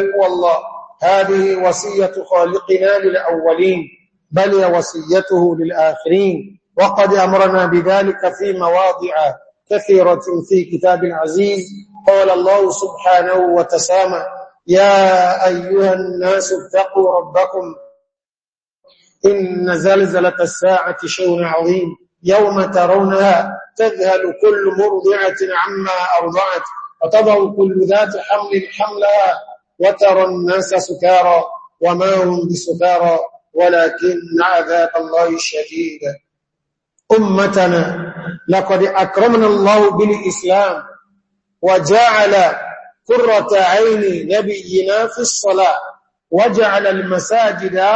تقوى الله هذه وصية خالقنا للأولين بل وصيته للآخرين وقد أمرنا بذلك في مواضع كثيرة في كتاب عزيز قال الله سبحانه وتسامى يا أيها الناس اتقوا ربكم إن زلزلة الساعة شون عظيم يوم ترونها تذهل كل مرضعة عما أرضعت وتضع كل ذات حمل حملها وترى الناس سكارى وما هم بسكارى ولكن عذاب الله شديد أمتنا لقد أكرمنا الله بالإسلام وجعل كرة عين نبينا في الصلاة وجعل المساجد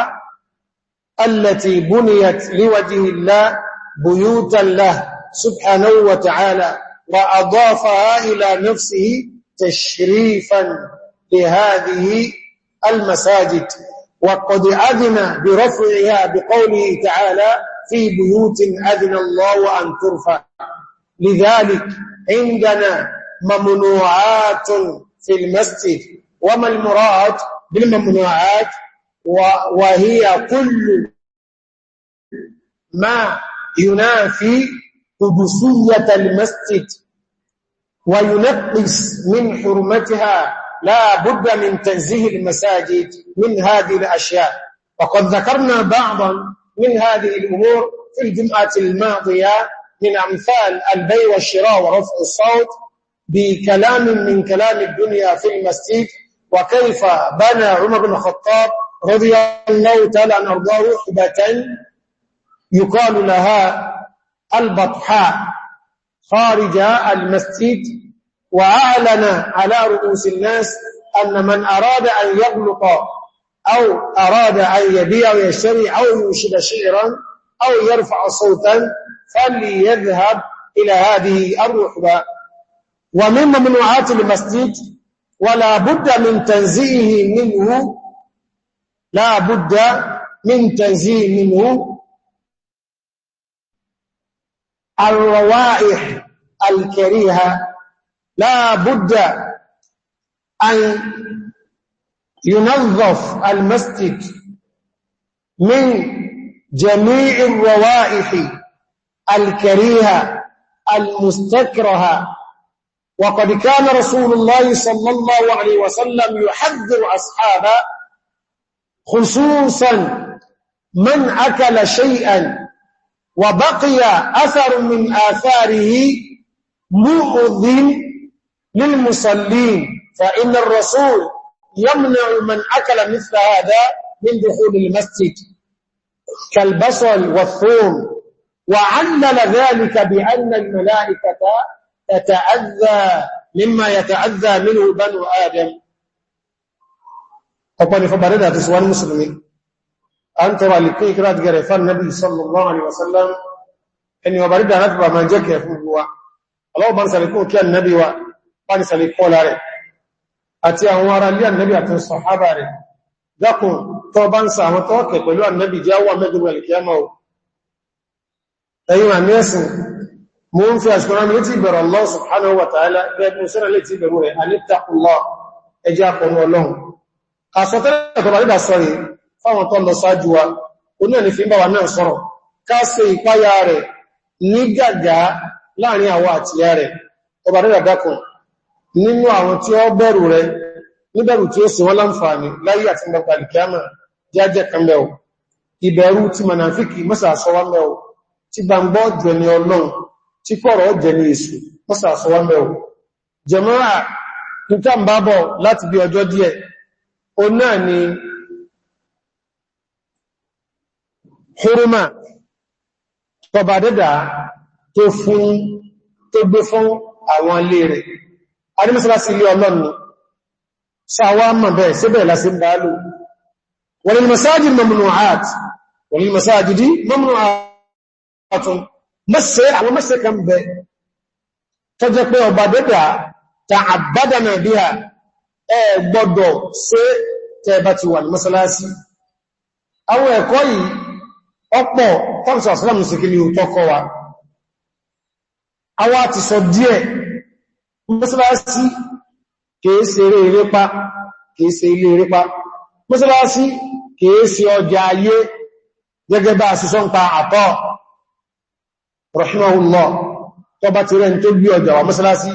التي بنيت لوجه الله بيوتا له سبحانه وتعالى وأضافها إلى نفسه تشريفا لهذه المساجد وقد أذن برفعها بقوله تعالى في بيوت أذن الله أن ترفع لذلك عندنا ممنوعات في المسجد وما المراد بالممنوعات وهي كل ما ينافي قدسية المسجد وينقص من حرمتها لا بد من تنزيه المساجد من هذه الأشياء وقد ذكرنا بعضا من هذه الأمور في الجمعة الماضية من أمثال البيع والشراء ورفع الصوت بكلام من كلام الدنيا في المسجد وكيف بنى عمر بن الخطاب رضي الله تعالى عن أرضاه حبة يقال لها البطحاء خارج المسجد وأعلن على رؤوس الناس أن من أراد أن يغلق أو أراد أن يبيع ويشتري أو ينشد شعرا أو يرفع صوتا فليذهب إلى هذه الرحبة ومن ممنوعات المسجد ولا بد من تنزيه منه لا بد من تنزيه منه الروائح الكريهة لا بد أن ينظف المسجد من جميع الروائح الكريهة المستكرهة وقد كان رسول الله صلى الله عليه وسلم يحذر أصحابه خصوصا من أكل شيئا وبقي أثر من آثاره مؤذن للمصلين فإن الرسول يمنع من أكل مثل هذا من دخول المسجد كالبصل والثوم وعلل ذلك بأن الملائكة تتأذى مما يتأذى منه بنو آدم طبعا فبردها تسوى المسلمين أن ترى لكي كرات قريفان النبي صلى الله عليه وسلم أن يبردها نتبع من جاك يفوه الله بان لكي كان النبي وقال pàdìsàlẹ̀ kọ́lá rẹ̀ àti àwọn ará ilé ànẹ́bì àti sọ̀hábà rẹ̀ dákùn tó bá ń sàwọn tọ́ọ̀kẹ̀ pẹ̀lú ànẹ́bì jẹ́ wà mẹ́gbẹ̀rẹ̀ alìkíyàmà ò ẹ̀yìn àmì ẹ̀sìn mú ń fi àṣìkò rán létí ìbẹ̀rẹ̀ Allah subhanahu wa ta'ala gẹ́gùn sẹ́rẹ̀ létí ìbẹ̀rù rẹ̀ anítàkùnlọ́ ẹjẹ́ àkọ̀nù ọlọ́run àsọtẹ́lẹ̀ tó bá dídà sọ́rẹ̀ fáwọn tó lọ sáájú wa oní ẹni ká ṣe ìpáyà rẹ̀ ní gàgá láàrin àwọn àtìyà rẹ̀ ọba dídà dákùn nínú àwọn tí ó bẹ̀rù rẹ níbẹ̀rù tí ó sì wọ́n láǹfààní láyé àti ìgbàgbà alìkíyàmà jẹ́jẹ́ kan ìbẹ̀rù ti manáfíkì mọ́sàásọwá tọba dẹ́dà tó fún tó gbé fún àwọn rẹ̀ arímọ́sílásí ilé ọlọ́ni ṣàwọ́ mọ̀ bẹ́ẹ̀ síbẹ̀ lásí báálù wal masajid mamnu'at wal masajidi mamnu'atun mẹ́sẹ̀ àwọn mẹ́sẹ̀ kan bẹ tó jẹ́ pé ọba dẹ́dà ta àbádànà bí a ẹ gbọ́dọ̀ sí tẹ́ẹ̀bá ti wà ní mọ́sálásí àwọn ẹ̀kọ́ yìí ọ̀pọ̀ tọ́nsọ̀ àsọ́lámùsìkí ni ò tọ́kọ wa àwọn àti sọ díẹ̀ mọ́sálásí kìí ṣe eré erépa kìí ṣe ilé erépa mọ́sálásí kìí ṣe ọjà ayé gẹ́gẹ́ bá ṣiṣọ́ ń pa àtọ́ rahimahullah tó bá ti rẹ̀ tó gbí ọjà wà mọ́sálásí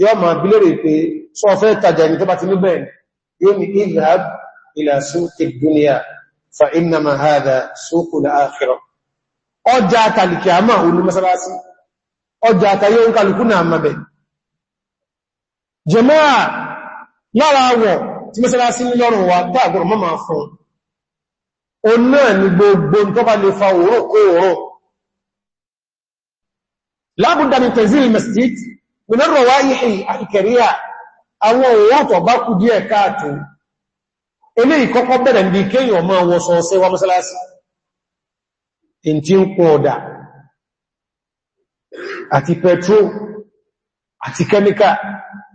yóò máa bí lórí pé sọ fẹ́ tàjà ní tó bá ti níbẹ̀ yóò ní ìlàb jẹmáà lára wọ̀ tí mẹ́sàrá sí lọ́rùn wa dáàgbọ̀rọ̀ mọ́mà fún o náà ni gbogbo tó bá lè fa òórùn kó òórùn lábùdá ni tẹ̀zílì masjid minarọ̀ wá yìí àìkẹ̀ríyà àwọn òórùn tó bá kú díẹ̀ káàtù ilé ìkọ́kọ́ bẹ̀rẹ̀ ní kéèyàn máa wọ sọ́ọ̀sẹ́ wa mọ́sálásí in ti ń kún ọ̀dà àti pẹ̀tró àti kẹ́míkà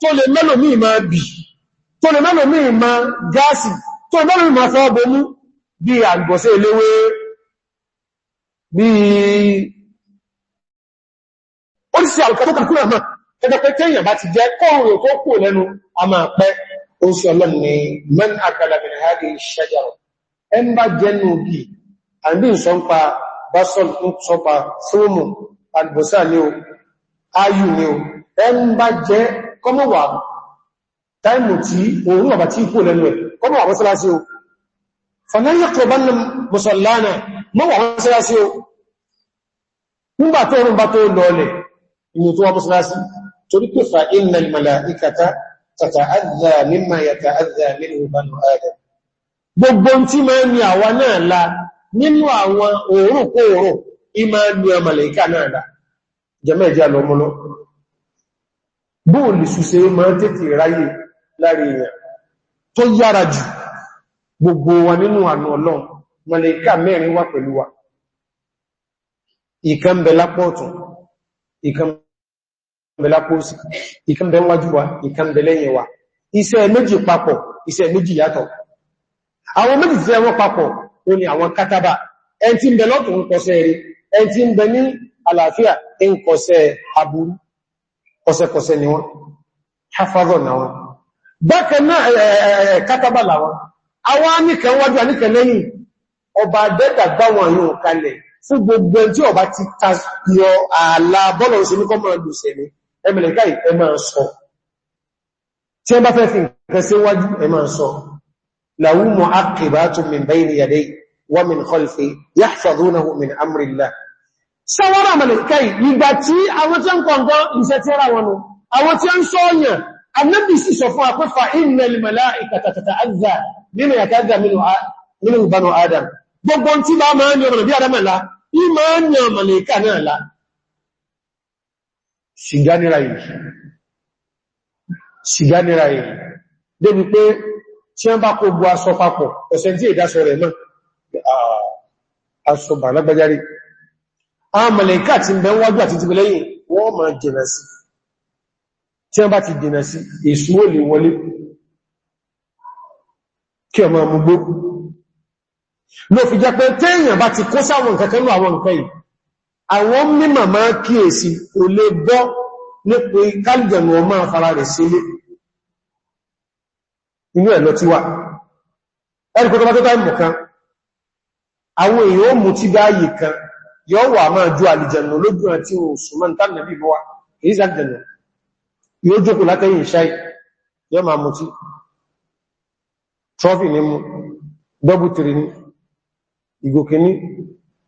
tó lè mẹ́lòmí ma bì tó lè mẹ́lòmí ma gáàsì tó lè mẹ́lòmí ma fọ́ bomú bí àgbọ̀sẹ̀ eléwé bí orísìí alùkọ́tọ́kàkúrà náà ẹgbẹ̀pẹ̀ tẹ́yìn bá ti jẹ́ kọ́rùn tó kò lẹ́nu a máa pẹ́ oṣù ọlọ́ni mẹ́n àkàlàmì àárí ṣẹ́jọ́ ẹn bá jẹ́nu bí àbí ìṣọ́npa basol tó sọpa fóòmù àgbọ̀sà ni ó ayù ni ó ẹn bá jẹ́ kọmọ wà táìmù tí òun àbá tí kò lẹ́nu ẹ̀ kọmọ wà mọ́sálásí o fàlẹ́yẹ kọbanna musallana mọ́ wà mọ́sálásí o nígbà tó rùn bá tó lọlẹ̀ inú tó wà mọ́sálásí torí pé fa innal mala'ikata tata'adha mimma yata'adha minhu banu adam gbogbo tí máa ní àwa náà la nínú àwọn òórùn kó ìmá ní ọmọlẹ̀ ìkà náà dá jẹ́mẹ́ ìjẹ́ lọ́mọ́lọ́ bóòlì ṣùṣe máa tètè ráyè láàrin èèyàn tó yára jù gbogbo wa nínú àna ọlọ́run mọ̀lẹ̀ká mẹ́rin wà pẹ̀lú wa ìkẹ́m̀bẹ̀ lápọ̀ọ̀tún ìkẹ́m̀bẹ̀ lápọ̀ọ̀sì ìkẹ́m̀bẹ̀ wájú wa ìkẹ́m̀bẹ̀ lẹ́yìn wa iṣẹ́ méjì papọ̀ iṣẹ́ méjì yàtọ̀ àwọn méjì tí wọ́n papọ̀ ó ní àwọn kọsẹkọsẹ ni wọn hafazọ na wọn bákan náà kátàbà làwọn àwọn anìkẹ wájú anìkẹ lẹ́yìn ọba dẹ́dà gbá wọn yóò kalẹ̀ fún gbogbo tí ọba ti ta yọ ààlà bọ́lọ̀ sí ní kọmọ̀ lùsẹ̀ ní ẹmẹ̀lẹ̀ká ẹ máa sọ tí ẹ sáwọ́rọ̀ àmàlẹ̀kẹ́ ìgbà tí àwọn tí ó ń kọ̀ǹkan ìṣẹ́ tí ó rà wọnú àwọn tí ó ń sọ́ọ̀yàn annabi sì sọ fún àpẹ́fà innal malaikata tata'azza nínú yata'azza nínú banu adam gbogbo tí bá máa ń yọrọ̀ bí adámẹ́lá ì máa ń yọ àmàlẹ̀kẹ́ lá ṣìgánira yìí ṣìgánira yìí débi pé tí wọ́n bá kó bu aṣọ papọ̀ ẹ̀sẹ̀ tí ìdásọ rẹ̀ náà ah, aṣọ bà àwọn mọ̀lẹ̀ká ti ń bẹ wájú àti tìbẹ̀ lẹ́yìn wọ́n ma jẹ̀nà sí tí wọ́n bá ti jẹ̀nà sí èṣù ó lè wọlé kí ọmọ ọmọgbó ló fi jẹ́ pé téèyàn bá ti kó sáwọn kankan ní àwọn nǹkan yìí àwọn mímọ̀ máa kíyèsí ò lè ti bá yìí kan yóò wà máa ju àlìjẹ̀nà lójú àti òṣùmọ́n tánàbí bọ́wà èyí sàjẹ̀nà yóò jókù látẹ́yìn ìṣáì yóò máa mú tí trọ́fì ní mú dọ́bùtìrì ní ìgòkìní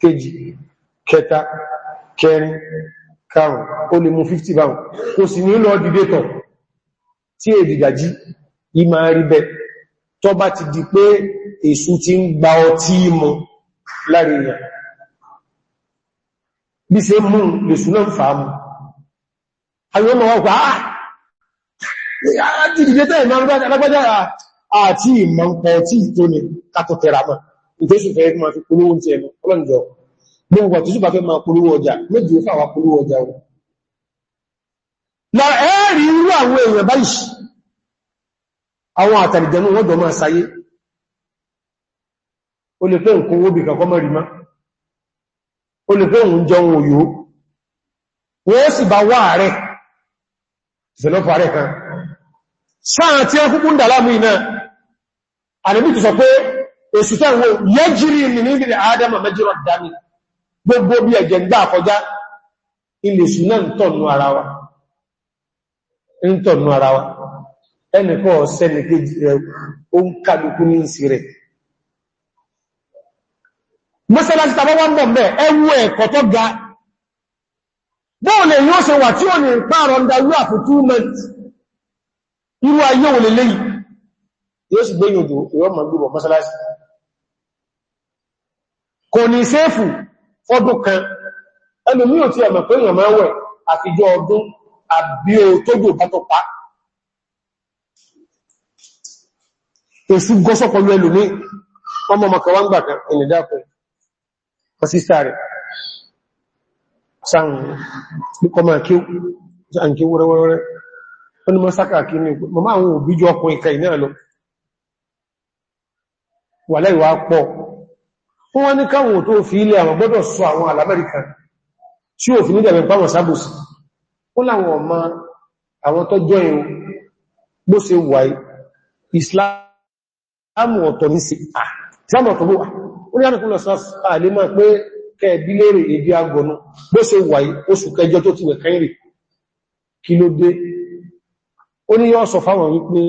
kejì kẹta kẹrin karùn ó lè mú 50 pound kò sì ní lọ dìde tọ̀ tí èdìdàjí yí rí bẹ́ tọ́ bá ti di pé èṣù ti ń gba ọtí mọ́ láàrin ìyàn bí se mú lèṣùnà ń fàámù àwọn ọmọ ọgbà àti ah! ah, ìdíjẹ́tẹ́ ìmọ̀-alágbájára ah, àti ìmọ̀-pọ̀ tí tó ní kàtọ̀ tẹ́ra mọ̀ ìtẹ́sù fẹ́ máa fi polówó ti ẹnu ọlọ́njọ́ gbogbo tó sì bá fẹ́ máa polówó ọjà méjì ó fàwà polówó ọjà wọn lọ ẹ́rì irú àwọn èèyàn báyìí àwọn àtàlìjẹnú wọ́n jọ máa sáyé ó lè fẹ́ nǹkan owó bìkan kọ́mọ̀rìmá ó lè fẹ́ òun jọ ohun òyò wọ́n sì bá wà rẹ̀ ìfẹ̀lọ́pàá rẹ̀ kan sáà tí a kúkú ń dà láàmú iná àdẹ́bí tó sọ pé èsù tẹ́wọ́ yẹ́jìrì ní ní ilẹ̀ adama mẹ́jìrọ̀ dámi gbogbo bí ẹ̀jẹ̀ gbà kọjá ilẹ̀ èsù náà ń tọ̀nù ara wa ń tọ̀nù ara wa ẹnìkọ́ sẹ́nìkejì rẹ̀ ó ń kálukú ní ìsì rẹ̀ mọ́sálásí tàbá wọ́n bọ̀ mẹ́ ẹwú ẹ̀kọ́ tó ga bóòlè yóò ṣe wà tí ó ní pààrọ̀ ń darú àfò 2 months irú ayé ò lè léyìí yóò sì gbé yòdò ìwọ́n ma gbébọ̀ mọ́sálásí kò ní sẹ́fù ọdún kan ọsísà rẹ̀ sáàrùn níkọmọ̀ kí wúrẹ́wúrẹ́ wọ́n ni mọ́ sákà kí ní mọ́má àwọn òbí jọ ọkùnrin ìkà ìnáà lọ wà láìwà pọ̀ fún wọ́n ní káwọn tó fi ilẹ̀ àwọn gbọ́dọ̀ sọ àwọn alamẹ́ríkà tí ò fi ní dẹ̀mẹ̀ pàmọ̀ sábòsì ó láwọn ọmọ àwọn tó jọ ìhun bó orílẹ̀-èdè lọ́sọ́s àlèmọ́ pé kẹ́ẹ̀bí lérè èdè agọ̀nà bó ṣe wà oṣù kẹjọ tó ti wẹ̀ kẹ́rì kí ló dé ó ní yọ́ sọ fáwọn wípé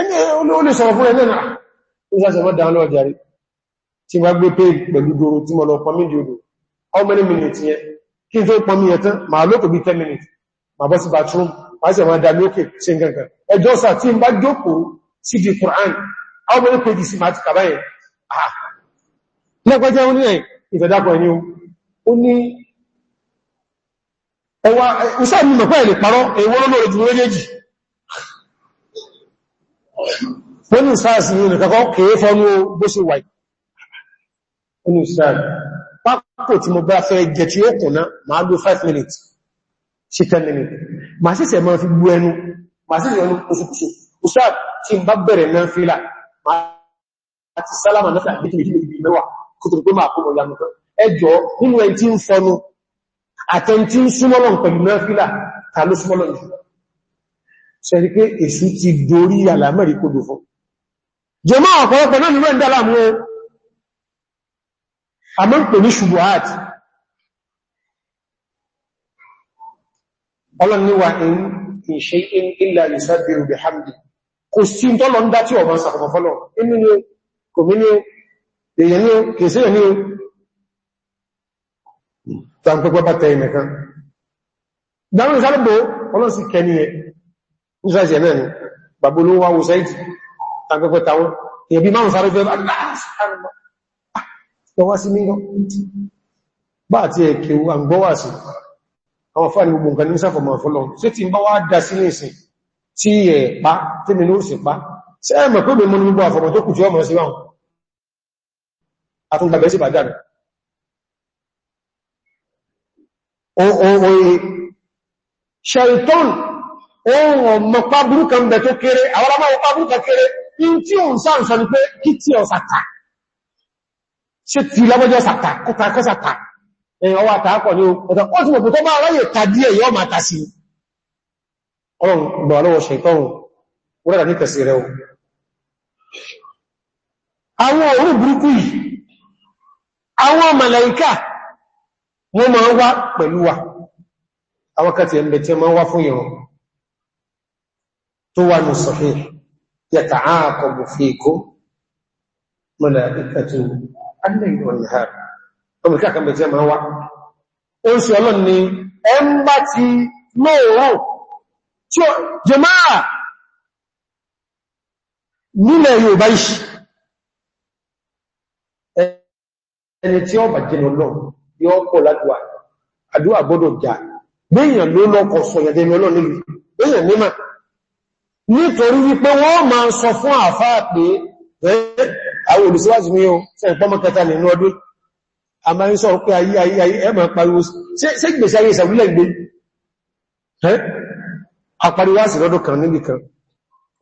ẹni ó lè sọ̀rọ̀ fún ẹ̀nà ìzàṣẹ̀mọ́ dáánlọ́ ọjàrí tí wá gbé pé pẹ̀lú gbòrò tí mọ́ lọ pọ̀ méjì odò how many minutes yẹn kí n tó pọ̀ míyẹ tán máa lókò bí 10 minutes máa bọ́ sí bathroom máa sì máa dámi ókè sí nǹkan kan ẹjọ́ sà Quran how many pages máa ti lẹ́pẹ́jẹ́ ó ní ẹ̀ ìfẹ̀dàpọ̀ ẹni ó ní ẹwà ìṣẹ́ ìmọ̀ pẹ́ ilẹ̀ parọ́ èwọ́n lórí jù méjèèjì wọ́n ní sáàsì ní ìrìnkẹ́kọ́ kèé fọ́nú bó ṣe wà inú sáàsì pápò tí mo bá fẹ́ jẹ tí ó kùnná máa ló 5 minutes sí 10 minutes máa sì sẹ̀ máa fi gbú ẹnu máa sì yọnu oṣùkúṣù usáàtì tí ń bá bẹ̀rẹ̀ náà fílà máa ti sálámà náà kòtòrò pé máa kó mọ̀ yanu kan ẹjọ́ nínú ẹni tí ń fọnu àtẹni tí ń súnmọ́lọ̀ pẹ̀lú náfílà ta ló súnmọ́lọ̀ jù sẹ́rí pé èṣù ti dorí àlàmẹ́rí kodò fún jẹmọ́ ọ̀pọ̀lọpọ̀ náà nínú ẹ̀dá mú a in ìṣe in ilẹ̀ bihamdi kò sí tọ́lọ ń dá tí ọmọ sàkọ̀fọ́lọ̀ ni kò mí ní èèyàn ní kèsí ẹ̀ ní o tàbí bá tẹ ìmẹ̀kan dáwọn ìsálùgbò ọlọ́sì kẹni ẹ̀ nísàìsì ẹ̀mẹ́ ni bàbá olówó wáwó sẹ́ìtì tàbí tàwọn èèyàn bí márùn sáré fẹ́ lọ́wọ́ sí mí ah, bá àti ẹ̀kẹ́ àgbọ́wà sí àwọn fáàlì gbogbo nǹkan ní sáfọ̀mọ̀ fọ́lọ́ sí ti bá wá dá sí nìsìn tí ẹ̀ pa tí mi ló sì pa sẹ́ẹ̀mọ̀ pé àtúngbàgbẹ́ sí pàdánù ohun e, ṣẹ̀ìtọ́n ohun ọmọ pàbúrú kan bẹ̀ tó kéré àwọn ọmọ pàbúrú kan kéré in tí o ń sáàrùn sọ ní pé kí tí ọ sàtà ṣe tí lọ́gbọ́jọ́ sàtà kọ́kọ́ sàtà ẹ̀yìn ọwọ́ àtàkọ̀ ní ọ̀tọ̀ ó ti mọ̀kù tó bá ráyè tàbí ẹ̀yọ́ ma tà sí ọ̀rùn gbà lọ́wọ́ ṣẹ̀tọ́rùn orílẹ̀-èdè tẹ̀sí rẹ̀ o àwọn òórùn burúkú yìí àwọn màláíkà wọ́n máa wá pẹ̀lú wa àwọn kàtí ẹ̀mẹ̀ tí wọ́n wá fún ìrun tó wà ní sọ̀fẹ́ yata'aqabu fikum màláíkàtu al-layli wan-nahar ẹni tí ọba jẹni ọlọ́run yọ pọ̀ ládùá àdúwà gbọ́dọ̀ jà gbéyàn ló lọ́kọ̀ sọ̀yàn jẹni ọlọ́run nílùú gbéyàn mímọ̀ nítorí wípé wọ́n máa sọ fún àfáà pé àwọn olùsíwájú mi ohun sẹ́ ìpọ́mọ́ kẹta nínú ọdún a máa ń sọ pé ayé ayé ayé ẹ máa pariwo sí gbèsè ayé ìsàwúlẹ̀ gbé àpariwáṣì lọ́dún kan níbi kan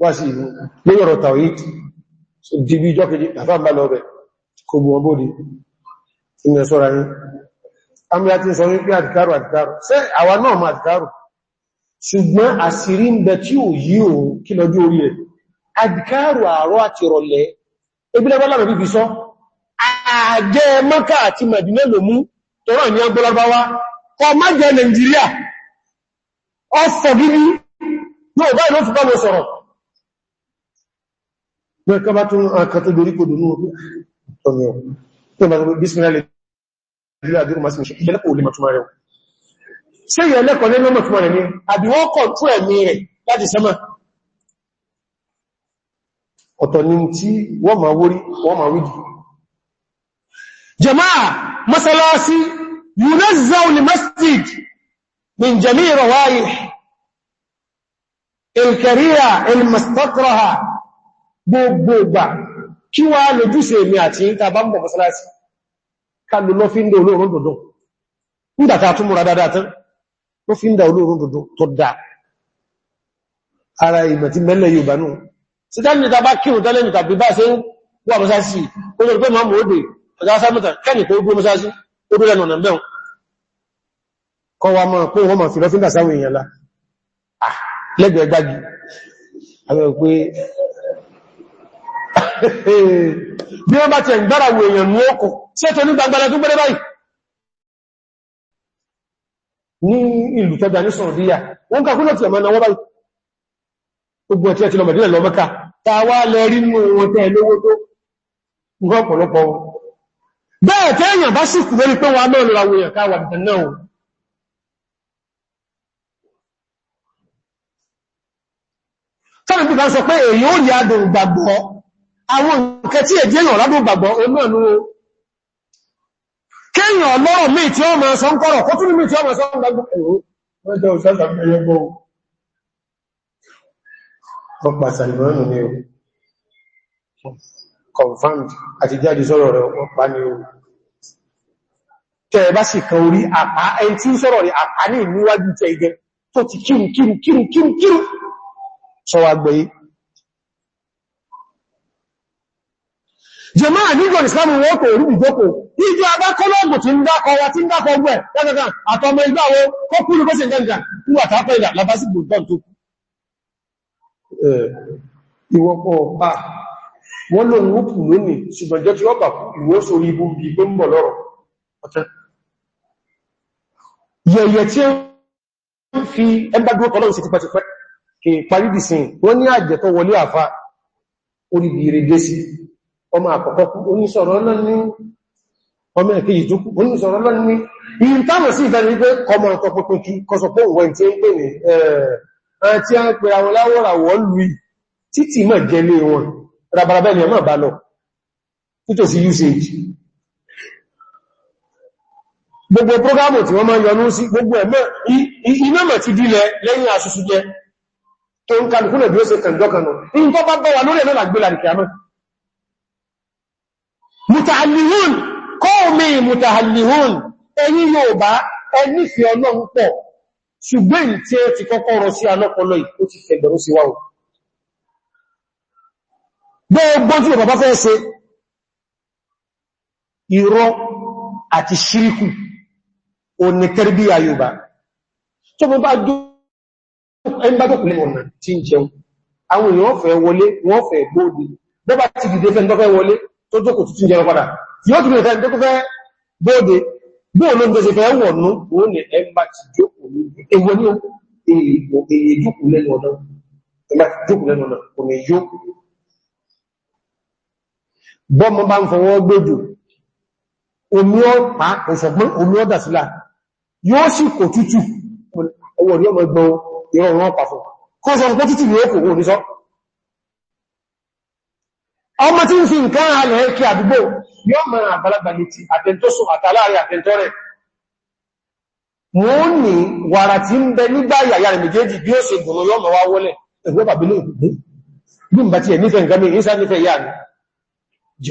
wáṣì ìlú lórí ọ̀rọ̀ tàwí dìbí ìjọ́kejì àfáà bá lọ rẹ̀ kò bù wọn bóde ìmẹ̀ sọ́ra ní amúyá tí ń sọ wípé àdìkárù àdìkárù ṣé àwa náà ma àdìkárù ṣùgbọ́n àṣírí ń bẹ tí ò yí o kí lọ́jú orí rẹ̀ àdìkárù àárọ̀ àti rọ̀lẹ́ ebílẹ́bọ́lá rẹ̀ bíbi sọ àjẹ́ mọ́kà àti mẹ̀dínà ló mú tọ́rọ ní agbọ́lọ́báwá kọ má jẹ nàìjíríà ọ̀fọ̀ gíní yóò báyìí ló fi bá lọ sọ̀rọ̀ mẹ́kàbá tún àkàtọ̀ dorí kò dùnú ọdún ọmọ lílá dúró máa sí ṣe ìyẹ́lẹ́kọ̀ọ́ olè mọ̀túnmà rẹ̀ ṣe ìyẹ́lẹ́kọ̀ọ́ lẹ́mọ́ mọ̀túnmà rẹ̀ ní àbí wọ́n kọ̀ tó ẹ̀mí rẹ̀ láti sẹ́mà ọ̀tọ̀ ni tí wọ́n máa wórí wọ́n máa wíjì jama'a masalasi yunazzau li gbogbo gbà kí wá lójúṣe mi àti ìta bá ń bọ̀ masalasi kálù lọ fi ń dá olóòrùn dòdó nígbàtà tún múra dáadáa tán lọ fi ń dá olóòrùn dòdó tó dáa ara ìmọ̀ tí mẹ́lẹ̀ yóò bá nù sí tẹ́lẹ̀ta bá kírùn tẹ́lẹ̀ta bí bá ṣe ń wà mọ́sásí ó lè pẹ́ mọ́mù òde ọjọ́sámọ́ta kẹ́ni tó gbé mọ́sásí ó dúrẹ́ nọ̀nà bẹ́ẹ̀ kọ́ wa mọ́ pé wọ́n mọ̀ fi lọ́fíndà sáwọn èèyàn lá ah, lẹ́gbẹ̀ẹ́ gbági àwọn òpé bí wọ́n bá ti ẹ̀gbára wo èèyàn ní ókù ṣe tó ní gbangbala tó gbẹ́rẹ́ báyìí ní ìlú tọ́jà ní sọ̀rọ̀díyà wọ́n ká kúrò tí ọmọ náwọ́ báyìí ogun ẹ̀tí ẹ̀tí lẹ rí wọn tẹ́ lówó tó ọ̀pọ̀lọpọ̀ sọ pé ó rí adùn àwọn nǹkan tí èdè èyàn ládùn gbàgbọ́ onáàlú kéèyàn ọlọ́rọ̀ mí tí ó máa sọ ń kọ́rọ̀ kó tún mí tí ó máa sọ ń gbàgbọ́ ẹ̀rọ mẹ́jọ òṣàṣàmẹ́yẹgbọ́ ọpàá sàlìmọ́nù ni ó confirmed àti jáde sọ́rọ̀ rẹ̀ ọpá ni ó tẹ́ẹ̀ bá sì kan orí àpá ẹn tí ń sọ́rọ̀ rẹ̀ àpá ní ìníwájú tẹ́ ìgẹ jẹmọ́ àdíjọ ìsìlámù wọ́n kò rí ìjókò ìjọ abákọ́lọ́gbò tí ń dákọ wa tí ń dákọ ọgbẹ̀ lọ́gbẹ̀kan àtọmọ ìgbà wo kó kúrò kó sì ń gẹ́gẹ́ níwà tàpẹ́ ìdà labásí gbogbo tó ìwọ̀pọ̀ bá wọ́n lò ń wúkù lónìí ṣùgbọ́n jẹ́ tí ó bà ìwọ́ so ibu bí pé ń bọ̀ lọ́rọ̀ yẹ̀yẹ̀ tí ó ń fi ẹgbàgbọ́ kọlọ́run ọmọ àkọ́kọ́ kú oníṣọ̀rọ̀ lọ́ní ọmọ ẹ̀kejì tó kú oníṣọ̀rọ̀ lọ́ní yìí táwọn sí ìfẹ́ wípé kọmọ ọ̀tọ̀ pínpín kí kọsọpọ̀ òwẹ̀n tí ń pè ní àti a ń pè àwọn láwọ́ràwọ́ lùí títì mọ̀ gẹ́lé wọn rabarabẹ́ni ọmọ bá lọ nítòsí usage gbogbo prógámù tí wọ́n máa yọ ní gbogbo ẹ̀mọ́ iná mọ̀ ti dílẹ̀ lẹ́yìn àṣùsù jẹ tó ń kalùkúnlẹ̀ bí ó ṣe kàndọ́kànà ní tó bá bọ́ wà lórí ẹ̀lọ́làgbé làríkẹ̀ àmọ́ mùtàhàlìhún kọ́ọ̀mí mùtàhàlìhún ẹni yóò bá ẹni fi ọlọ́run pọ̀ ṣùgbọ́n tí ẹ ti kọ́kọ́ rọ sí alọ́pọ̀lọ́ ìkó ti fẹ̀gbẹ̀rún sí wáwọ̀ gbogbo tí bàbá fẹ́ ṣe irọ́ àti ṣíríkù òní tẹ́rbí ayọba tó bọ́ bá dókùnlẹ̀ ọ̀nà tí ń àwọn èèyàn fẹ́ wọlé wọ́n fẹ́ gbóòdì bọ́bá ti dìde fẹ́ ń tọ́fẹ́ wọlé tó jókò tó tún jẹ padà yóò tún lè fẹ́ tó fẹ́ bóòdé bóò ló ń tó ṣe fẹ́ wọ̀nú ó ní ẹmbà ti jókò ní ewé ní èyí jókò lẹ́nu ọ̀nà kò ní yó bọ́mọ bá ń fọwọ́ gbẹ́jù omi ọ̀pá òṣọ̀gbọ́n omi ọ̀dà sílá yóò sì kò tútù ọwọ́ ní ọmọ ẹgbọ́n ìrọ̀rùn ọmọ tí ń fi nǹkan alẹ̀ ẹkẹ àdúgbò yóò mẹ́rin àbálàgbà létí àtẹntóso àtàláàrí àtẹntọ́rẹ̀ wọ́n ní wàrà tí ń bẹ nígbà yàyà rẹ̀ méjèèjì bí ó ṣe gùn yóò mọ̀ wá wọlẹ̀ ẹ̀gbẹ́ bàbílẹ̀ ìgbẹ́ bí n bá ti ẹ̀ nífẹ̀ẹ́ nǹkan mi ìsá nífẹ̀ẹ́ yà tí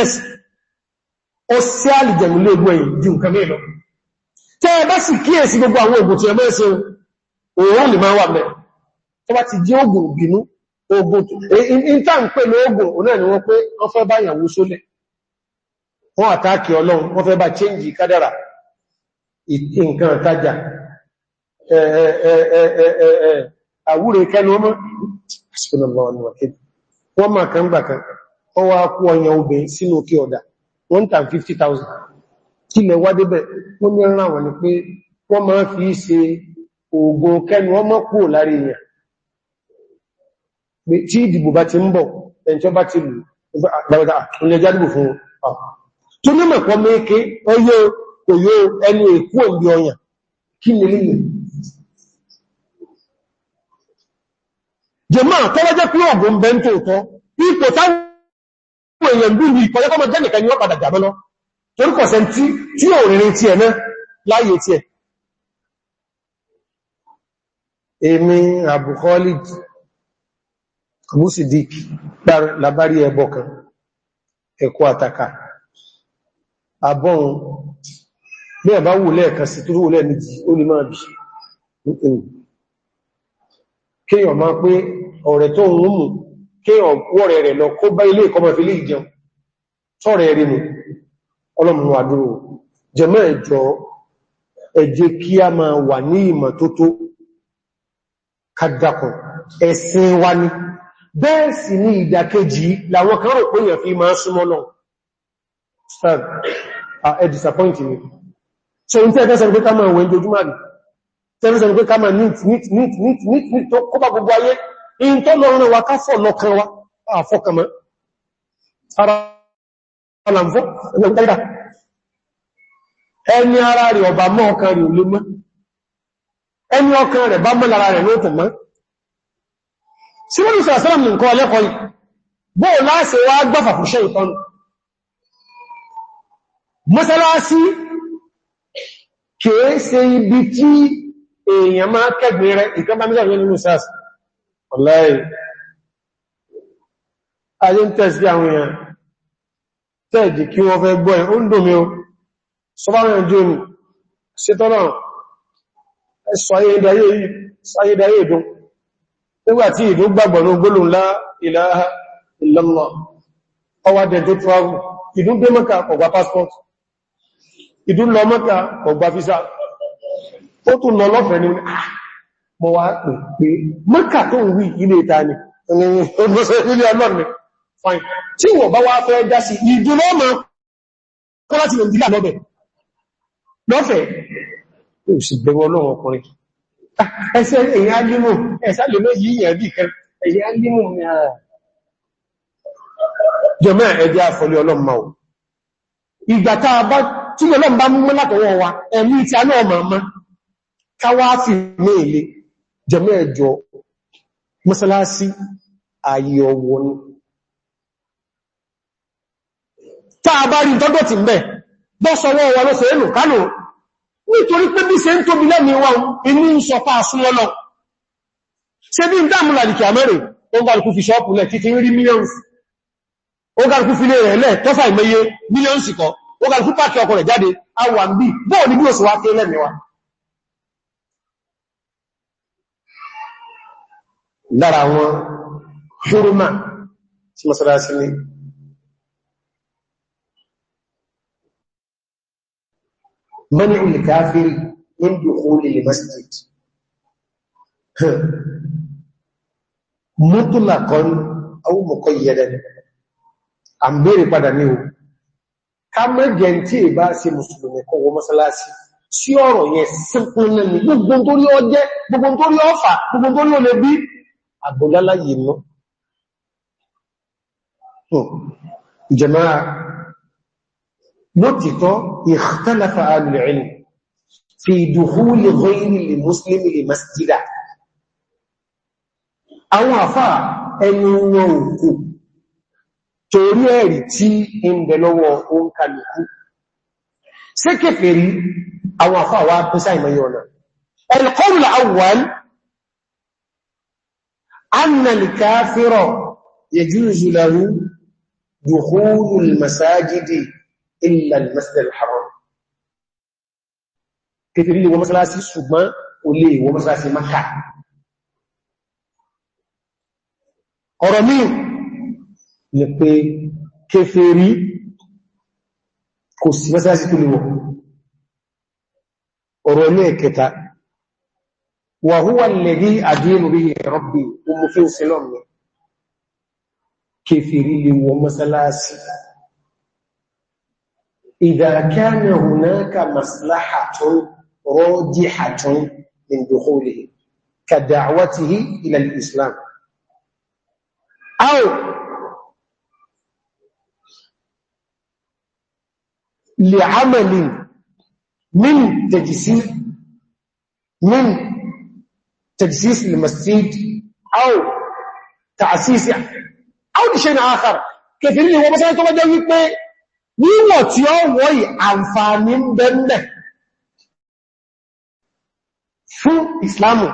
ó sì ó sí àlìjẹ̀mù lé egbò ẹ̀yìn ju nǹkan mẹ́lọ. tẹ́ ẹ bá sì kíyèsí gbogbo àwọn oògùn tí ẹ mọ́ ṣe òun lè máa wà mẹ́ tó bá ti jí ogun ìbínú ogun tó ìta ń pè ló ogun òun náà ni wọ́n pé wọ́n fẹ́ bá ìyàwó sólẹ̀ wọ́n àtàkì ọlọ́run wọ́n fẹ́ bá kádàrà nǹkan kẹ́nu ọmọ wọ́n kan gbà kan wọ́n wá kú ọyàn 150,000 tí lẹ wá débẹ̀ wọ́n ní ọ̀rán wọn ni pé wọ́n máa fi ṣe oògùn kẹnu wọ́n mọ́ kúrò láàrin èèyàn tí ìdìbò bá ti ń bọ̀ ẹni tí ó bá ti lù gbàgbàgbà ìlẹ́jà dìbò fún ah. tó ní mẹ́kọ́ méèké ipò táwọn èèyàn gbúrú ìpọ̀lẹ́kọ́mọ̀ jẹ́ nìkan Abu Khalid Abu Siddiq labari ẹbọ kan ẹkọ àtàkà abọ́n bí ẹ̀bá wù lẹ́ẹ̀kan sí túrú lẹ́ẹ̀mejì ó lè máa bí kéèyàn máa pé ọ̀rẹ́ tó ń mú kéèyàn wọ́rẹ̀ rẹ̀ lọ kó bá ilé ìkọmọ̀ fi lè jẹun tọ́rẹ̀ rí mú ọlọ́mù àdúrò jẹmọ́ ẹjọ́ ẹjẹ́ kí a máa wà ní ìmọ́tótó kàdàkùn ẹ̀sìn wa ní bẹ́ẹ̀ sì ní ìdàkejì làwọn kan rò péyàn fi máa súnmọ́ lọ stan ẹ disappoint me so in tẹ́ẹ̀kẹ́ in tó lọ rán wa ká fọ́ lọ́kàn wa àfọ́kànmọ́ ara alamfọ́ ẹgbẹ̀rẹ̀ ẹni ara rẹ̀ ọba mọ́ ọkàn rẹ̀ olè mọ́ ẹni ọkàn rẹ̀ bá mọ́ lára rẹ̀ lóòtù mọ́ sí wọ́n ìfẹ́ àsẹ́lẹ̀ nǹkan ọlẹ́kọ̀ọ́ yìí bóò láàṣẹ wá gbọ́fà fún ìtọ́nù ọ̀láì ayé ń tẹ́ sí àwọn èèyàn tẹ́ẹ̀dì kí wọ́n fẹ́ gbọ́ ẹ̀ ó ń dùn mí o sọ́bàrán jò ní ṣetọ́nà ẹ̀sọ́ ayédáyé ìdún nígbàtí ìdún gbàgbọ́ ní gbólóhùn lá ilaha illallah ọwà dẹ̀jọ́ travel ìdún dé Mẹ́kà kò gba passport ìdún lọ Mẹ́kà kò gba visa ó tún lọ lọ́fẹ̀ẹ́ ni ah mọ́ wá pè pé mọ́kà tó ń wí ilé ìta ni ilé ọlọ́rin fine tí wọ́n bá wá fẹ́ dá sí ìdúnlọ́ mọ́ kọ́ láti lè dìlà lọ́bẹ̀ lọ́fẹ́ ó sì bẹ̀rọ ọlọ́run ọkùnrin ah, ẹsẹ́ èyàn alímù ẹ̀sá lè méjì ni ara jọmọ́ ẹ̀dẹ́ àfọlé ọlọ́mọ ìgbà tá a bá tí ọlọ́run bá mú látọwọ́ wa káwàá fi mé ilé jẹmọ́ ẹjọ́ mọ́sálásí ayé ọwọ́ ní táa bá rí tọ́dọ̀ tí mẹ́ bọ́sọwọ́ wa ló fẹ́ èlò kánò nítorí pé bí se ń tóbi lẹ́ni wa inú ń sọ fáà súnmọ́ lọ ṣe bí ń dámúlà ní kìàmẹ́rẹ̀ ó ń gàrùkú fi ṣọ́ọ̀pù lẹ̀ títí rí millions ó gàrùkú fi lè rẹ̀ lẹ̀ tọ́fà ìmẹ́yẹ millions kọ ó gàrùkú pàkì ọkọ̀ rẹ̀ jáde awà ń bí bọ́ọ̀ ní bí ó sì wá fẹ́ lẹ́mẹ́wàá lára wọn húrúmà tí mọ́sálásí ní mani olùkáfíì min dukhuli masjid mutlaqan aw muqayyadan àmbèrè padà ní o ká mẹ́jẹ tí è bá ṣe mùsùlùmí kó wọ mọ́sálásí sí ọ̀rọ̀ yẹn sínkún lẹ́nu gbogbo torí ọjẹ́ gbogbo torí ọfà gbogbo torí olè bí àgbòláláyè mọ́ jama'a lótìtọ́ ikhtalafa ahlul ilm fi dukhuli ghayri li muslimi li masjida àwọn àfá ẹnu wọn òkú torí ẹ̀rí tí ń bẹ lọ́wọ́ oún kàlùkú sí kèfèrí àwọn àfá wá pín sáìmọ̀ yọ̀nà أن الكافر يجوز له دخول المساجد إلا المسجد الحرام كثير لي ومسلاسي سبما ولي ومسلاسي مكة ọ̀rọ̀mí lè pé kéfèrí kò sí mẹ́sàásí tó lè wọ̀ وهو الذي أدين به ربي ومفين سلومي كفري ومسلاس إذا كان هناك مصلحة راجحة من دخوله كدعوته إلى الإسلام أو لعمل من تجسيد من تجسيس للمسجد أو تأسيس أو لشيء آخر كثيرين هو مثلا tó bá jẹ́ wípé wíwọ̀ tí ó wọ́ yìí àǹfààní ń bẹ̀m̀bẹ̀ fún ìsìláàmù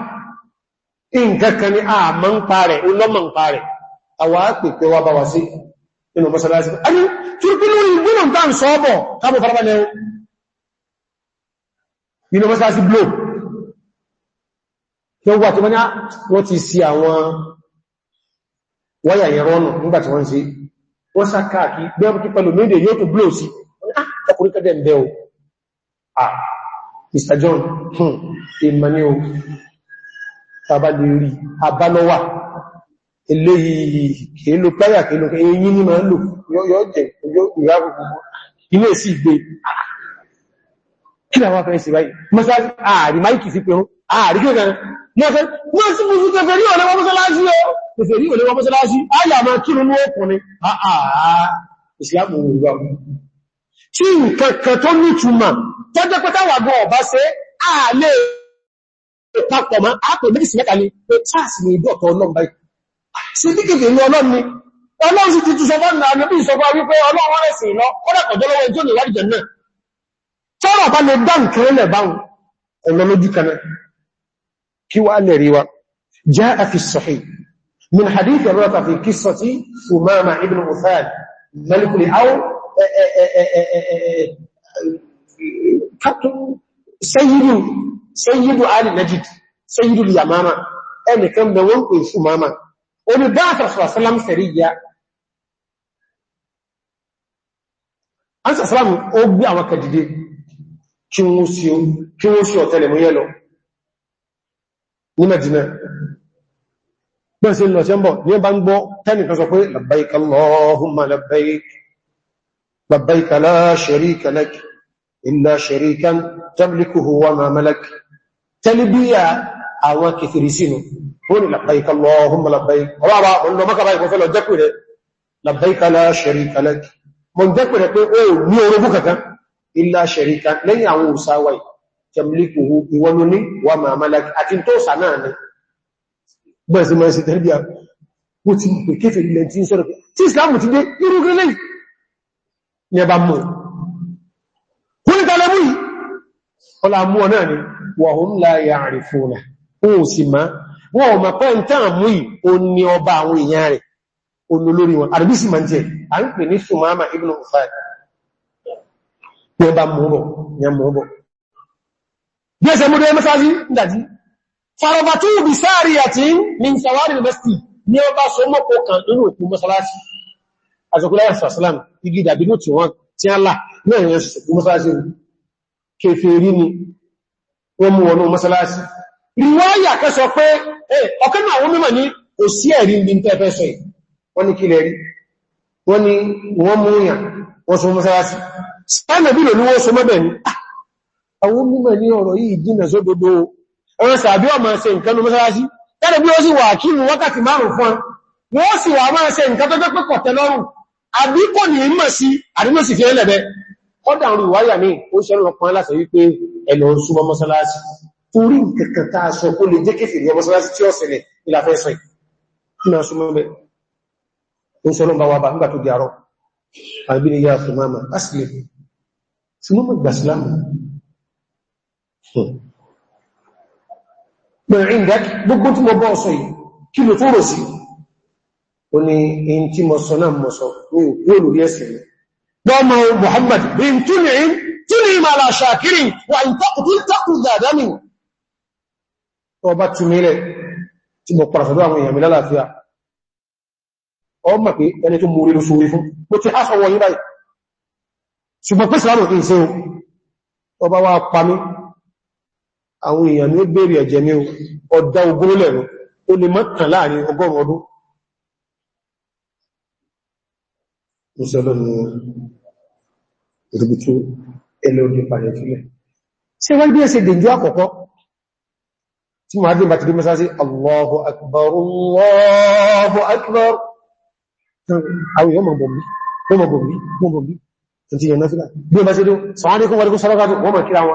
nǹkankan ni àmà ń pa rẹ̀ olọ́mà ń pa rẹ̀ àwà pèpè wa bá wà sí nínú mọ́sálásí ẹni túrkí lórí gbọ́nà tán sọ́ọ̀bọ̀ káàbọ̀ farabalẹ̀ nínú mọ́sálásí blóò yóò wà tí wọ́n ní ah, wọ́n ti sí àwọn wáyà yẹn rọ́nà nígbàtí wọ́n sí wọ́n sákàkì gbẹ́rù kí pẹ̀lú méde yóò tó bló sí ọkùnrin kẹ́dẹ̀ ń o ah Mr. John hmm emmanuel o tàbá lè rí abálọ́wà eléyìí kéèlò pẹ́yà kéèlò eyín ní máa ń lò yóò jẹ ilé ni ìgbé kí làwọn afẹ́ sí báyìí mọ́sálásí máìkì sí pẹ̀rún ààrí kí lẹ́fẹ́ wọ́n sí mú kẹfẹ́ rí ọ̀lẹ́wọ́ mọ́sálásí ọ́ kẹfẹ́ rí ọ̀lẹ́wọ́ mọ́sálásí ayà máa kírun ní ọkùnrin àà ah, ah, ah. ìsìlámù òwúrọ̀ tí nǹkan tó nítùmà tó jẹ́ pẹ́ta wà gan ọ̀bá ṣe ààlẹ́ papọ̀ mọ́ àpò méjì sí mẹ́ta ní pé charles ní ìdọ̀tọ̀ ọlọ́run báyìí sí bí kèfè ní ọlọ́run ni ọlọ́run sì ti tún sọfọ́ nà níbi ìsọfọ́ wípé ọlọ́run rẹ̀ sì lọ kọ́dàkọ̀ jọ́lọ́wọ́ ìjọ́ ìwádìí jẹ̀ náà tọ́rọ̀ bá lè dá nǹkan lẹ̀ báwọn ọ̀nà lójú kanáà kí wá lè ríwá jaa fi sahih min hadith rọ́ta fi qissati Umama ibn Uthal malikuli au eh, eh, eh, sayyidu sayyidu ali najid sayyidu yamama ẹnìkan da wọ́n pè ṣù mama o ni bá àtàrà sàlám sẹ̀ríyà an sàlám ó gbé àwọn kàdìdé kí wọ́n sí ọ̀tẹ́lẹ̀mú yẹ́ lọ ní Mẹ́dínà bẹ́ẹ̀ sí lọ sẹ́mbọ̀ ní bá ń gbọ́ tẹ́nìkan sọ pé labbaik Allahumma labbaik labbaik la sharika lak illa sharikan tamlikuhu wa ma malak tẹ́libíyà àwọn kìfìrí sínú ó ní labbaik Allahumma labbaik ọwọ́wọ́ ọ̀nà mọ́kàbá ìkọfẹ́ lọ jẹ́kù rẹ̀ labbaik la sharika lak mọ̀ jẹ́kù tẹ̀mlíkùhù ìwọ́nú ní wà máa málàkì àti tó sà náà ní gbọ́nsí máa sí tẹ́lẹ̀bíà bó ti pè kéfè ilẹ̀ tí ń sọ́rọ̀ pé tí Islam ti dé irúgbé lẹ́yìn ní ẹba mọ́ kú ní tàlẹ́mú yìí ọlá mọ́ náà ni wà hún la ya'rifuna òun mọ̀ ní ọba bí ẹsẹ̀ múdé mẹ́sáájí ìdàjí farabatu bí sáàrí àti min sawari university ní ọ bá so mọ́kò kan nínú òkú mọ́sálásí àṣọkúláyà sàṣálàm igi ìdàbí ló tí wọ́n tí a là náà yẹn sọ̀kú mọ́sálásí kèfèrí ni wọ́n mú wọnú mọ́sálásí ríwáyà kẹ́ sọ pé ọkẹ́ àwọn mímọ̀ ní ọ̀rọ̀ yìí jìnà sódodo ẹwọ́n sàbí ọmọ ṣe nǹkan ní mọ́sálásí tẹ́lẹ̀ bí ó sì wà kí ní wákàtí márùn fún wọ́n sì wà máa ṣe nǹkan tó jẹ́ pé kọ̀tẹ́ lọ́rùn àbí kò ní mọ̀ sí àdínà sì fi ẹlẹ̀bẹ́ kọ́dà ń rùwáyà ní ó ṣẹ́rù ọkùnrin ni yá súnmọ́ mà á sì ìgbàsílámù pẹ̀rin dẹ́k gbogbo tí mo bọ́ ọ̀sọ̀ yìí kí ló tún rò sí o ní in tí mo sọ náà mo sọ ní òkú olórí ẹ̀sìn rẹ̀ lọ́mọ Muhammad bin túnìín túnìín ma la ṣàkírin wà ní takùtù takù dàdámi tó bá túnmílẹ̀ àwọn èèyàn ní bèèrè ẹ̀jẹ̀ ní ọ̀dá ogún lẹ́nu ó lè mọ́ tàn láàrin ọgọ́rùn ọdún ìṣẹ́lọ ni ìrùbùtú ẹlẹ́ orí pàdé túnlẹ̀ ṣe wọ́n bí ẹsẹ̀ dèjú àkọ́kọ́ tí ma dé bàtí mẹ́sá sí Allahu Akbar Allahu Akbar àwọn èèyàn mọ̀ bọ̀mí mọ̀ bọ̀mí mọ̀ bọ̀mí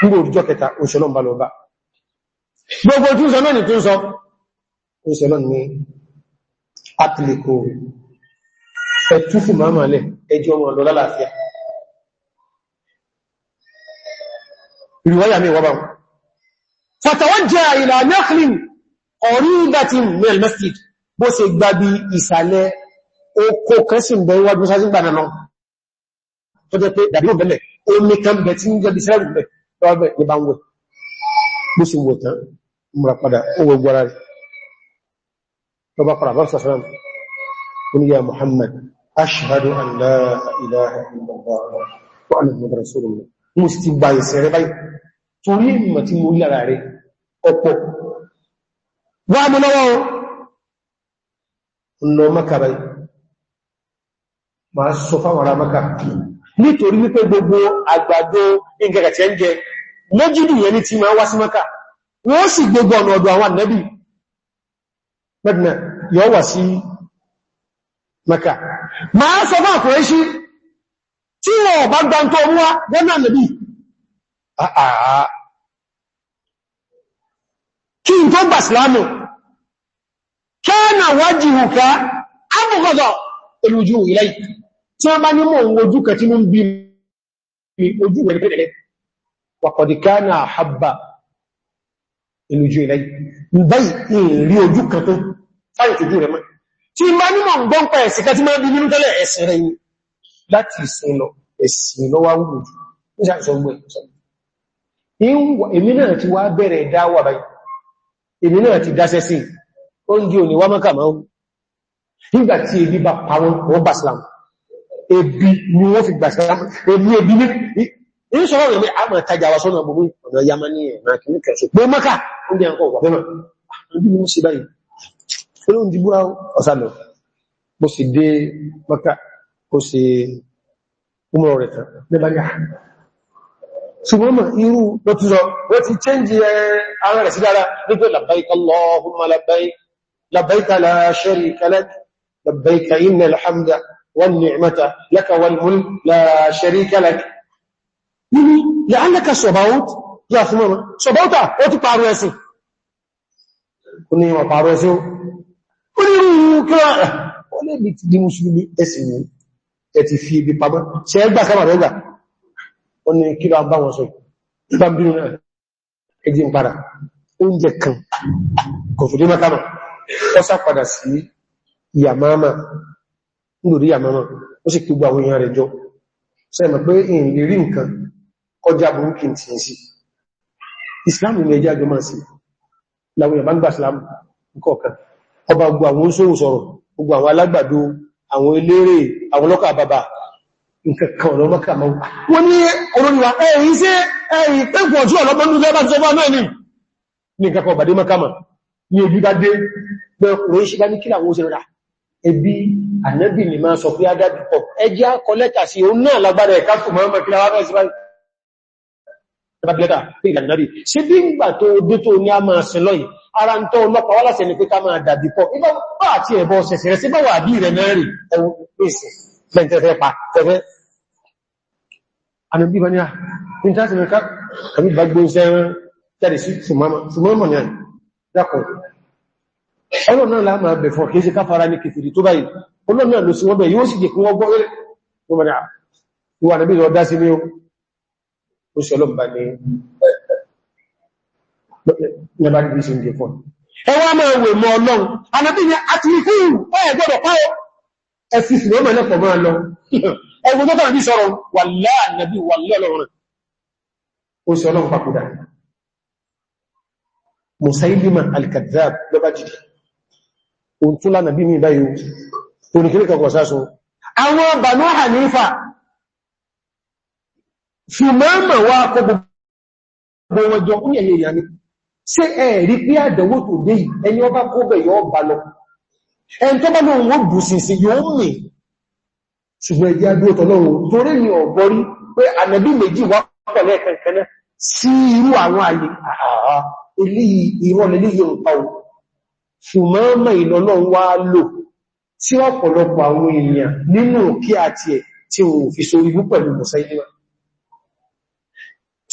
nígbò òjò kẹta òṣèlọ́n bá lọ́ba gbogbo tí ń sọ mẹ́rin tí ń sọ òṣèlọ́n ní àpìlẹ̀kò ẹ̀tú fún máa màálẹ̀ ẹjọ́ wọn lọ lálàáfíà ìrìwáyà mi wọ́bá fatawajja ila nakhlin qaribatin min al-masjid bó ṣe gbábi ìsàlẹ̀ oko kẹsìn bẹ̀ wọ́n bí sásígbà náà tó jẹ́ pé dàbí òbẹ̀lẹ̀ omi tí ń lọ́wọ́bẹ̀ ní bá ń wẹ̀ bó sì wò tán múra padà owó gbọ́ra rẹ̀ lọ́bá padà bá sàfẹ́ràn oníyà Muhammad ashhadu an la ilaha wa anna muhammadar rasulullah mo sì ti gba ìsẹ̀rẹ̀ báyìí torí ìmọ̀ tí mo rí lára rẹ̀ ọ̀pọ̀ wà mú lọ́wọ́ ọ̀nà maka báyìí máa sọ fáwọn ará maka nítorí wípé gbogbo àgbàdo ìgẹ̀gẹ̀ tí ẹ ń jẹ méjìdì yẹni tí ma wá sí maka wọ́n sì gbogbo ọ̀nà ọ̀dọ̀ àwọn ànábì mẹ́bìnà yọ wà sí maka ma á sọ fún àkùnrin sí tí wọ́n bá gbá tó wá wọ́n náà nàbí kí n tó gbà sílámù kẹ́ẹ̀nà wájì hùká ábùgọ́gọ́ ìlújú وقد كان أحب ìlújú ilẹ̀ báyìí ìrí ojú kan tó fáyìí ojú rẹ̀ mọ́ tí ma ní mọ̀ ń gbọ́n pa ẹ̀sìn kan tí máa bí nínú tẹ́lẹ̀ ẹ̀sìn rẹ̀ yìí láti ìsìn lọ ẹ̀sìn lọ wá wùdù ní sàṣọ́gbọ́ èmi náà ti wá bẹ̀rẹ̀ dáwà báyìí èmi náà ti dáṣẹ́ sí oúnjẹ òní wá mọ́kà máa ń nígbà tí ebi bá pa wọn wọ́n gbàsìlámù ebi ni wọ́n fi gbàsìlámù ebi ebi ní ní sọ́rọ̀ rẹ̀ àmà tajà wa sọ́nà gbogbo ọ̀nà yamá ní ẹ̀nà kìí kẹsù pé mọ́ká ó bí ẹnkọ́ wà fẹ́mà ní mú sí báyìí olóhun ti búra ọ̀sánà bó sì dé mọ́ká ó sì múrọ̀ rẹ̀ tán lẹ́bà ní àà ṣùgbọ́n mọ̀ irú lọ́túnṣọ́ wọ́n ti chẹ́njì ara rẹ̀ sí dára nígbẹ́ labbaika Allahumma labbaik labbaika la sharika lak labbaika innal hamda wan ni'mata laka wal mulk la nínú lẹ́ánẹ́kẹ́ sọ̀báwọ́t yà fún mọ́mọ́ sọ̀báwọ́tà ó ti pààrọ̀ ẹ̀sìn ó ní wọ́n pààrọ̀ ẹ̀sìn ó ní rú kíra eh, ó lè bí ti di mùsùlùmí ẹ̀sìn ní ẹ ti fi ibi pamọ́ ṣe ẹgbà sábàrẹ́gbà ó ní kíra bá wọn ń padà oúnjẹ kan kò fòdé mọ́kànà ó sá padà sí yàmáàmà nílòrí yàmáàmà ó sì kí gbogbo àwọn èèyàn rẹ̀ jọ sẹ́mọ̀ pé ìrìn lè rí nǹkan kọjá burúkú tí ń sí islam ilẹ̀ ẹjá jọ máa sí láwọn ìyàmá gbà islam kọ̀ọ̀kan ọba gbogbo àwọn oṣòwò sọ̀rọ̀ gbogbo àwọn alágbàdo àwọn eléré àwọn lọ́kà bàbà nǹkankan ọlọ́mọ́kà máa wọ́n ní olóríwà ẹ̀yìn sí ẹ̀yìn pẹ́kùn ọ̀tún ọlọ́mọ́nú lẹ́bà tó sọfá náà ní ní nǹkan ọ̀bàdé mọ́kàmà ní ojú bá dé pẹ́kùn oríṣi bá ní kílà wọ́n sẹ́rà ẹbí ànẹ́bì ni máa sọ pé adájú pọ̀ ẹjá kọlẹ́tà sí òun náà lágbára ẹ̀ká tàbílẹ́ta pé ìlànàrí ṣe bí ń gbà tó dé tó ní a máa sin lọ́yìn ara ń tọ́ ọlọ́pàá wálàṣẹ́ ni pé ká máa dàbí pọ̀ ibọ́ bá àti ẹ̀bọ́ ṣẹ̀ṣẹ̀ rẹ̀ sí bá wà bí rẹ̀ náà rí ẹwọ pèsè lẹ́ntẹ́fẹ́ pa tẹ́fẹ́ àmì bíbọn ni a ní sí ní kìfìrì ó ṣe ọlọ́pàá ní ẹ̀bá ní ṣe ń gẹ fún ẹwà mọ́ ẹwẹ̀ mọ́ ọlọ́run anábí ni a ti fún ẹgbọ́dọ̀ pàó ẹfì fún ọmọ ẹlẹ́pọ̀ mọ́ lọ ẹgbùn tó tàbí sọ́rọ̀ wà láàrínàbí wà lọ́rọ̀ ó ṣe ọlọ́run papòdà Musailima al-Kadhdhab lọ́bá jìdì ohun tó lánàbí mi báyìí oníkìlẹ̀ kọkọ̀ sásun àwọn Banu Hanifa ṣùgbọ́nmà wá kó gbogbo wọn jọ ní ẹ̀yẹ ìyàní ṣe ẹ̀rí pé àdánwò tó dé ẹni ọba kó bẹ̀ yọ ọba lọ ẹni tó bá lọ wọ́n bù sí sí yóò mì ṣùgbọ́n ẹjẹ́ adó tọ́lọ́run torí ni ọ̀gbọ́rí pé ànàbí méjì wá pọ̀lẹ́ kẹ́kẹ́lẹ́ sí irú àwọn àyè tí wọ́n pọ̀lọpọ̀ àwọn èèyàn nínú kí àti ẹ̀ tí wọ́n fi sórí bú pẹ̀lú mọ̀sáìlẹ́wà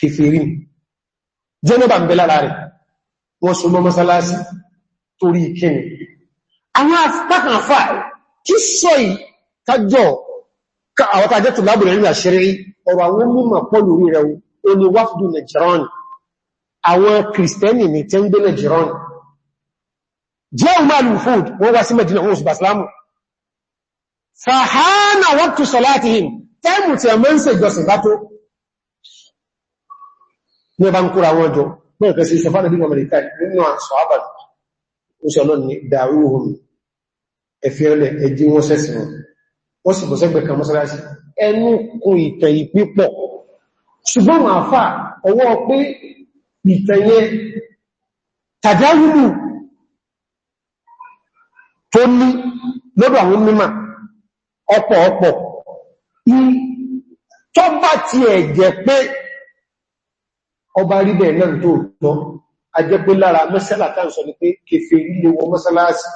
kèfèrí jẹ́nàbà ń bẹ lára rẹ̀ wọ́n so mọ́ mọ́sálásí torí kíni àwọn afẹ́kàn fà kí sọ yìí kájọ àwọ́ta jẹ́ tó lábùrẹ̀ ní àṣírí ọ̀rọ̀ àwọn mímọ̀ pọ̀lú rẹ̀ o ni wáfdù nàìjíríàn àwọn kìrìsìtẹ́nì ní tẹ́ ń gbé nàìjíríàn jẹ́ umaru food wọ́n wá sí mẹ́dínà wọ́n ṣùgbà islamu fàhánà wọ́n tó sọ láti hìn tẹ́mù tí a mọ́ ń ṣe bá tó ní ọba ń kóra wọn jọ mẹ́rin kẹsí sọfánà bí amẹ́ríkà nínú àṣọ àbàdì oṣèlú ní dàrúhùn ẹ̀fẹ́ẹ̀lẹ̀ ẹjí wọ́n sẹ́sìn wọn wọ́n sì bọ̀sẹ́gbẹ̀ kan mọ́sálásí ẹnu kun ìtẹ̀ ìpípọ̀ ṣùgbọ́n màáfà ọwọ́ pé ìtẹ̀yẹ tàjáwùlù tó ní lọ́dọ̀ àwọn mímà ọ̀pọ̀ ọ̀pọ̀ tó bá ti ẹ̀jẹ̀ pé ọba rí bẹ̀ẹ̀ náà tó tọ́ a jẹ́ pé lára mẹ́sẹ́lá táìsọ ni pé kèfè ilé wọn mọ́sálásí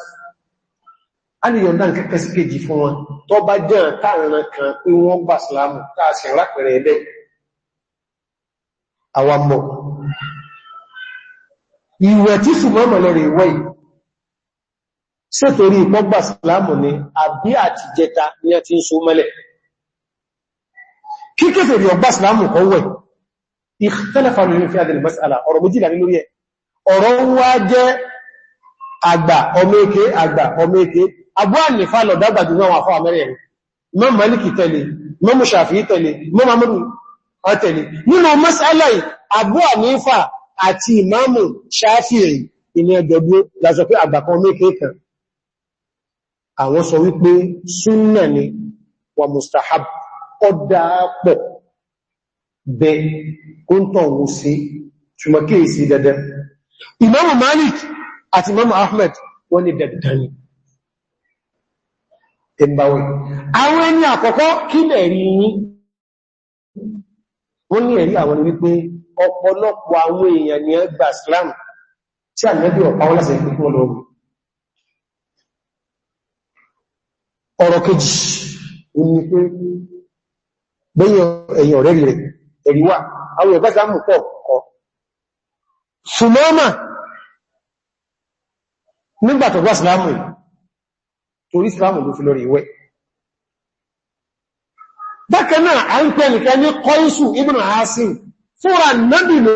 a ní yọ̀ndá kẹ́kẹ́ sí kejì fún wọn tó bá jẹ́ táàrin kan pé wọ́n gbà sílámù káàsì rápẹ̀rẹ̀ ẹ̀lẹ́ àwàmọ̀ ìwẹ̀ tí sùmọ́mọ̀ lọ ni àbí àti jẹta ni a ti ń so mẹ́lẹ̀ kí اختلف من في هذه المسألة ọ̀rọ̀ méjìlá ní lórí ẹ̀ ọ̀rọ̀ wá jẹ́ àgbà ọmọkè àgbà ọmọkè Abu Hanifa lọ dàgbà jù náà wà fún amẹ́rẹ̀ ẹ̀ Imam Maliki tẹ̀lé Imam Shafi'i tẹ̀lé Imam Ahmadu tẹ̀lé nínú mas'ala Abu Hanifa àti Imam Shafi'i ìní ẹjọ́gbó lásọ pé àgbà kan àwọn sọ wípé súnnà ni wà mustahab ọdá pọ̀ bẹ́ẹ̀ ó ń tàn wó sí ṣùgbọ́n kí èsì dẹ̀dẹ̀ Imam Malik àti Imam Ahmed wọ́n ní dẹ̀dẹ̀ ni tẹ́mbáwẹ̀ àwọn ẹni àkọ́kọ́ kí lẹ̀ rí yí wọ́n ni ẹ̀rí àwọn wípé ọ̀pọ̀lọpọ̀ àwọn èèyàn ni ẹgbà Islam tí àmẹ́bí ọ̀pá wọn lásẹ̀ ìpínlẹ̀ lọ́rùn ọ̀rọ̀ kejì ni pé bẹ́yìn ẹ̀yìn ọ̀rẹ́ rẹ̀ ẹ̀rí wà àwọn ìbáṣàmù pọ̀ kọ́ Sùmọ́mà nígbàtọ̀ gbá ìsìlámù yìí torí ìsìlámù ló fi lórí ìwẹ́ bákanáà a ń pẹ́ nìkan ní kọ́ìsù ibn Asim fúra nábì ló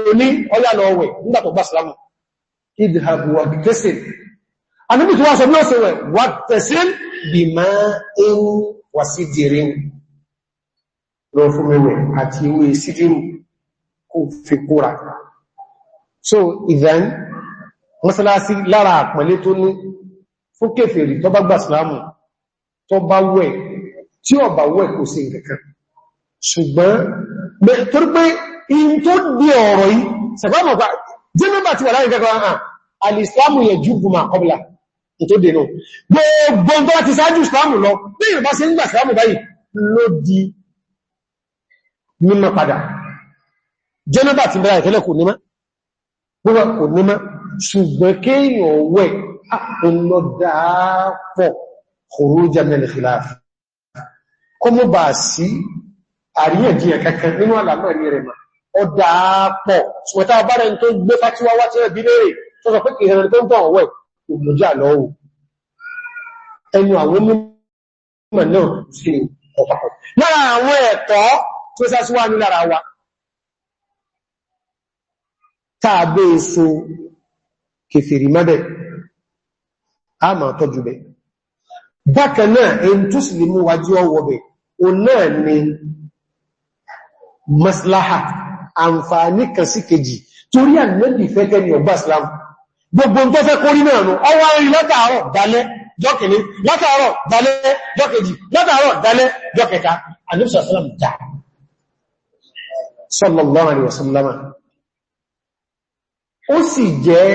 ọlá lọ́wẹ̀ nígbàtọ̀ gbá ìsìlámù idhabu lọ fún mẹ́wẹ̀ àti kò fi kóra so ìdán mọ́sálásí lára àpẹẹlẹ tó ní fún kéfèrè tó bá gbàsìlámù tó bá wẹ̀ tí ó bá wẹ̀ kò sí nǹkankan ṣùgbọ́n torí pé in tó di ọ̀rọ̀ yìí sẹ̀fọ́mọ̀ pa jẹ́nàbà ti wà láàrin kankan hàn ah, alìsìlámù yẹ jù bùmà kọbùlà ló di mímọ̀ padà jẹ́nàbà ti bẹ̀rẹ̀ ìtẹ́lẹ̀ kò nímá púpọ̀ kò nímá ṣùgbọ́n kéèyàn wẹ̀ àpọ̀lọ́dáàpọ̀ kòrójá mẹ́lẹ̀ fìláàfì kọ mú bà sí àríyànjiyàn kankan nínú àlàmọ́ ní rẹ̀ ọ dáàpọ̀ ṣùgbọ́n tá bá rẹ̀ tó gbé fátíwá wá tí tàbí èso e kèfèrí mẹ́bẹ̀ a máa tọ́jú bẹ̀. bákan náà èyí tó sì lè mú wájú ọwọ́ bẹ̀ o náà ni maslaha àǹfààní kan sí kejì torí ànẹ́bì fẹ́kẹ́ ni ọgbà islam gbogbo tó fẹ́ kórí náà nù ọwọ́ rí látàárọ̀ dalẹ́ jọ́kìní látàárọ̀ sallallahu alaihi wasallam ó sì jẹ́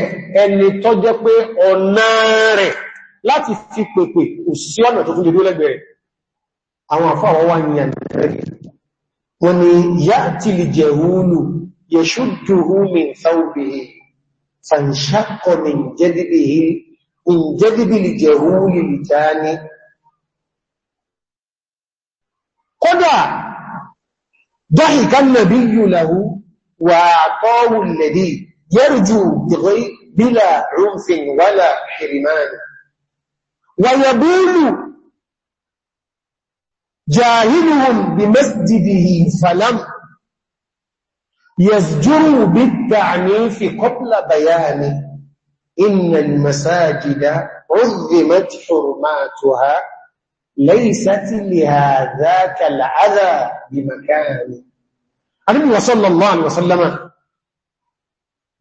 ẹni tó jẹ́ pé ọ̀nà rẹ̀ láti fi pèpè kò sí ọ̀nà tó fún jẹ́ lẹ́gbẹ̀ẹ́ àwọn àfáwọ́ wá ní àjẹ́rẹ̀ wọ́n ni yá ti lè jẹ́ nàbí yù làhú wà tọ́wù lẹ́dìí يرجو بلا عنف ولا حرمان ويقول جاهلهم بمسجده فلم يزجروا بالتعنيف قبل بيانه إن المساجد عظمت حرماتها ليست لهذاك العذا بمكان النبي صلى الله عليه وسلم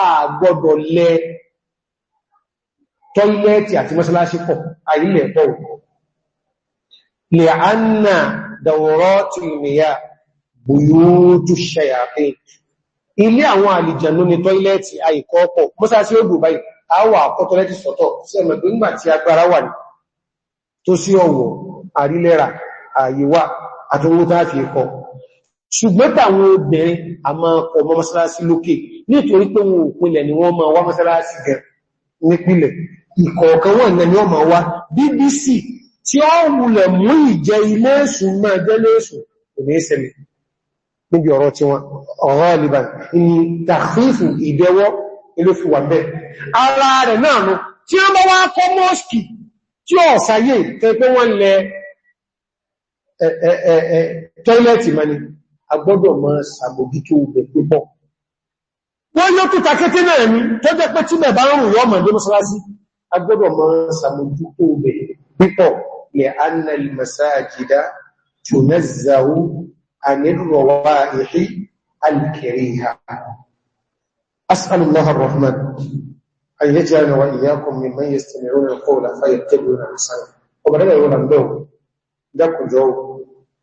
àgbọ́dọ̀ lẹ tọ́lẹ̀tì àti mọ́sálásí pọ̀ àìlẹ̀ pọ̀ lè anna dàwọ̀rọ̀ tìlìmìyà buyútù ṣẹ̀yàfẹ́ ilé àwọn àlìjànú ni tọ́lẹ̀tì àìkọ́ọ̀pọ̀ mọ́sálásí ó dùbáyì àwọ̀ àkọ́tọ́lẹ̀tì sọ́tọ̀ sí ṣùgbọ́n tàwọn obìnrin a máa ọmọ mọ́sálásí lókè nítorí pé wọn òpinlẹ̀ ni wọ́n máa wá mọ́sálásí gẹ̀ nípìlẹ̀ ìkọ̀ọ̀kan wọn ìgbẹ̀ ni wọ́n máa wá BBC tí ó wulẹ̀ mú ìjẹ iléèṣù máa jẹ́ léèṣù òní ìṣẹ̀lẹ̀ níbi ọ̀rọ̀ tí wọn ọ̀rọ̀ alìbà ni tàfífù ìdẹwọ́ ilófùwà bẹ́ẹ̀ ara rẹ̀ náà mani agbọ́dọ̀ máa sàbògító ibẹ̀ púpọ̀. Wọ́n yóò tó takété náà ní tó jẹ́ pé tí bẹ̀bá rùn yọ́ mọ̀ dé mọ́sálásí, agbọ́dọ̀ máa sàbògító ibẹ̀ púpọ̀ lè annal masajida tunazzahu anir rawaihi al-kariha. As'alullah ar-Rahman an yaj'alana wa dákùjọ́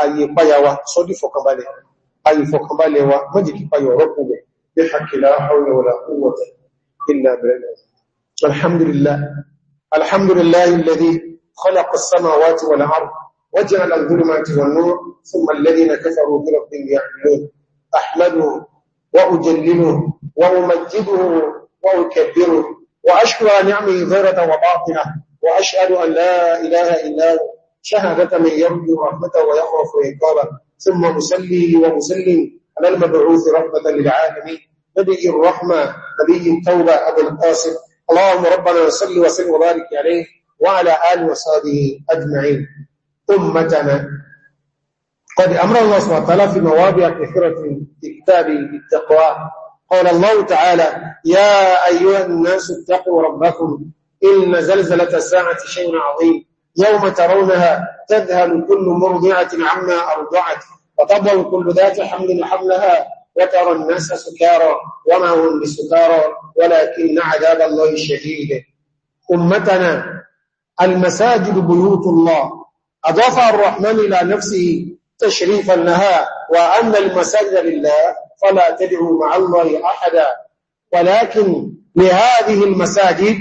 ayé ìpáyà wa sọ́dí fọkànbalẹ̀ ayé ìfọkànbalẹ̀ wa mọ́jìkí payọ̀ rọ́pù rẹ̀ bí hakila haula wala quwwata illa billah alhamdulillah alhamdulillah alladhi khalaqa as-samawati wal ard وجعل الظلمات ثم الذين كفروا بربهم يعملون احمده واجلله وامجده واكبره واشكر نعمه ظاهره وباطنة واشهد ان لا اله الا هو شهادة من يرجو رحمته ويخاف عقابه ثم نسلي ونسلم على المبعوث رحمة للعالمين نبي الرحمة نبي التوبة أبو القاسم اللهم ربنا صل وسلم وبارك عليه وعلى آل وصحبه أجمعين أمتنا قد أمر الله سبحانه وتعالى في مواضع كثيرة في كتاب التقوى قال الله تعالى يا أيها الناس اتقوا ربكم إن زلزلة الساعة شيء عظيم يوم ترونها تذهل كل مرضعة عما أرضعت وتضع كل ذات حمل حملها وترى الناس سكارى وما هم بسكارى ولكن عذاب الله شديد أمتنا المساجد بيوت الله أضاف الرحمن إلى نفسه تشريفا لها وأن المساجد لله فلا تدعوا مع الله أحدا ولكن لهذه المساجد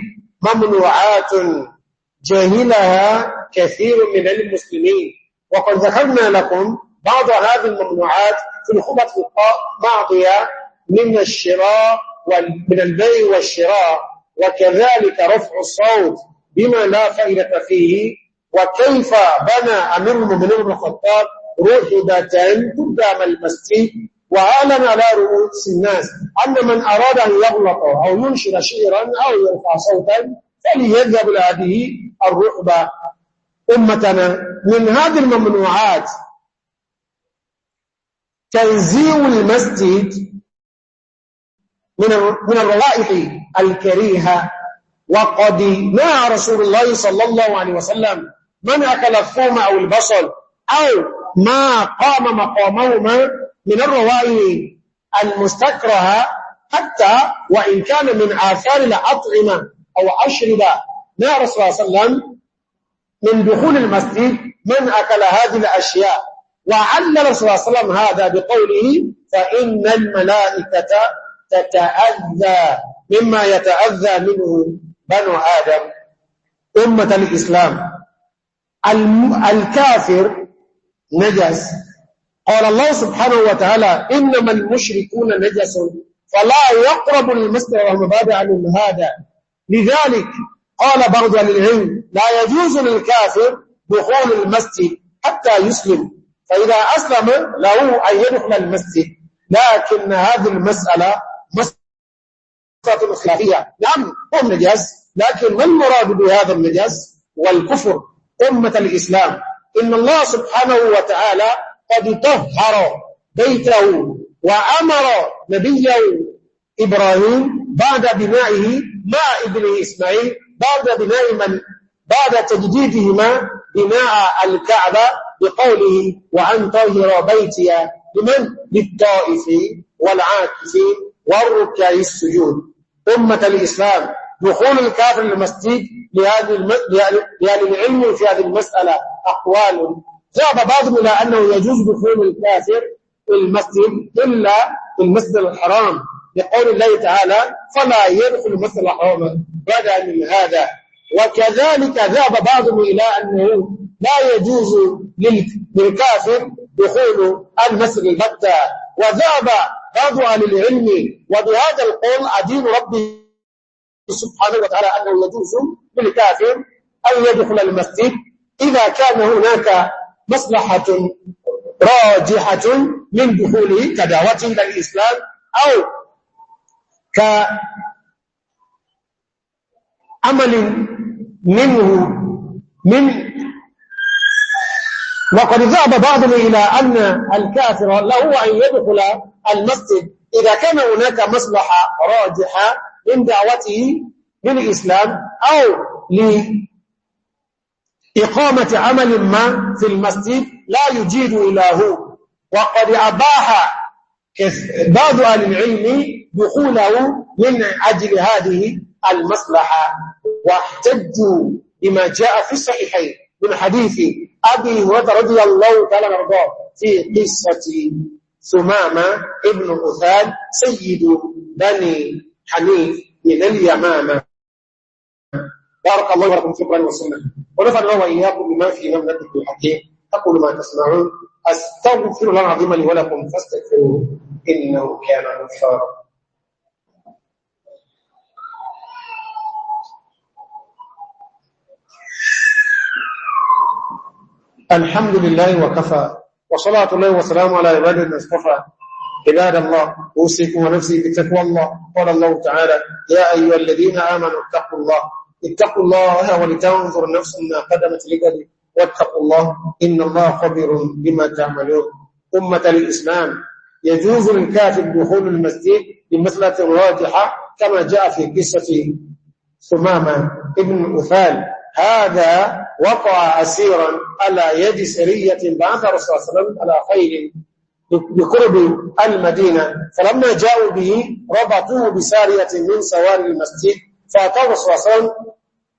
ممنوعات جاهلها كثير من المسلمين وقد ذكرنا لكم بعض هذه الممنوعات في الخطب الماضية من الشراء من البيع والشراء وكذلك رفع الصوت بما لا فائدة فيه وكيف بنى أمير المؤمنين بن الخطاب روحدة قدام المسجد وأعلن على رؤوس الناس أن من أراد أن يغلط أو ينشر شعرا أو يرفع صوتا فليذهب لهذه الرعبة أمتنا من هذه الممنوعات تنزيع المسجد من من الروائح الكريهة وقد نهى رسول الله صلى الله عليه وسلم من أكل الثوم أو البصل أو ما قام مقامهما من الروائح المستكرهة حتى وإن كان من آثار الأطعمة أو رسول الله صلى الله عليه وسلم من دخول المسجد من أكل هذه الأشياء رسول الله صلى الله عليه وسلم هذا بقوله فإن الملائكة تتأذى مما يتأذى منه بنو آدم أمة الإسلام الكافر نجس قال الله سبحانه وتعالى إنما المشركون نجس فلا يقرب المسجد وهم بعد عن هذا لذلك قال بعض أهل العلم لا يجوز للكافر دخول المسجد حتى يسلم فإذا أسلم له أن يدخل المسجد لكن هذه المسألة مسألة خلافية نعم هو نجس لكن ما المراد بهذا النجاز والكفر أمة الإسلام إن الله سبحانه وتعالى قد طهر بيته وأمر نبيه إبراهيم بعد بنائه مع ابن إسماعيل بعد بناء من بعد تجديدهما بناء الكعبة بقوله وأن طهر بيتي لمن؟ للطائف والعاكف والركع السجود أمة الإسلام دخول الكافر المسجد لهذه الم... لأهل العلم في هذه المسألة أقوال جاب بعضهم إلى أنه يجوز دخول الكافر المسجد إلا المسجد الحرام لقول الله تعالى فلا يدخل مثل حرام بدأ من هذا وكذلك ذهب بعضهم إلى أنه لا يجوز للكافر دخول المسجد البتة وذهب بعض أهل العلم وبهذا القول أدين ربي سبحانه وتعالى أنه يجوز للكافر أن يدخل المسجد إذا كان هناك مصلحة راجحة من دخوله كدعوته إلى الإسلام أو كأمل منه من وقد ذهب بعضهم إلى أن الكافر له أن يدخل المسجد إذا كان هناك مصلحة راجحة من دعوته للإسلام أو لإقامة عمل ما في المسجد لا يجيد إلى هو وقد أباح بعض أهل العلم دخوله من أجل هذه المصلحة واحتجوا بما جاء في الصحيحين من حديث أبي ورد رضي الله تعالى مرضاه في قصة ثمامة ابن أثال سيد بني حنيف من اليمامة بارك الله ورحمة في القرآن والسنة ونفعل الله وإياكم بما فيه من الحكيم أقول ما تسمعون أستغفر الله العظيم لي ولكم فاستغفروه إنه كان غفارا الحمد لله وكفى وصلاة الله وسلامه على عباد المصطفى عباد الله أوصيكم ونفسي بتقوى الله قال الله تعالى يا أيها الذين آمنوا اتقوا الله اتقوا الله ولتنظر نفس ما قدمت لقدر واتقوا الله إن الله خبير بما تعملون أمة الإسلام يجوز للكافر دخول المسجد بمسألة راجحة كما جاء في قصة ثمامة ابن أثال هذا وقع أسيرا على يد سرية بعث رسول الله صلى الله عليه وسلم على خير بقرب المدينة فلما جاءوا به ربطوه بسارية من سوار المسجد فأتوا رسول الله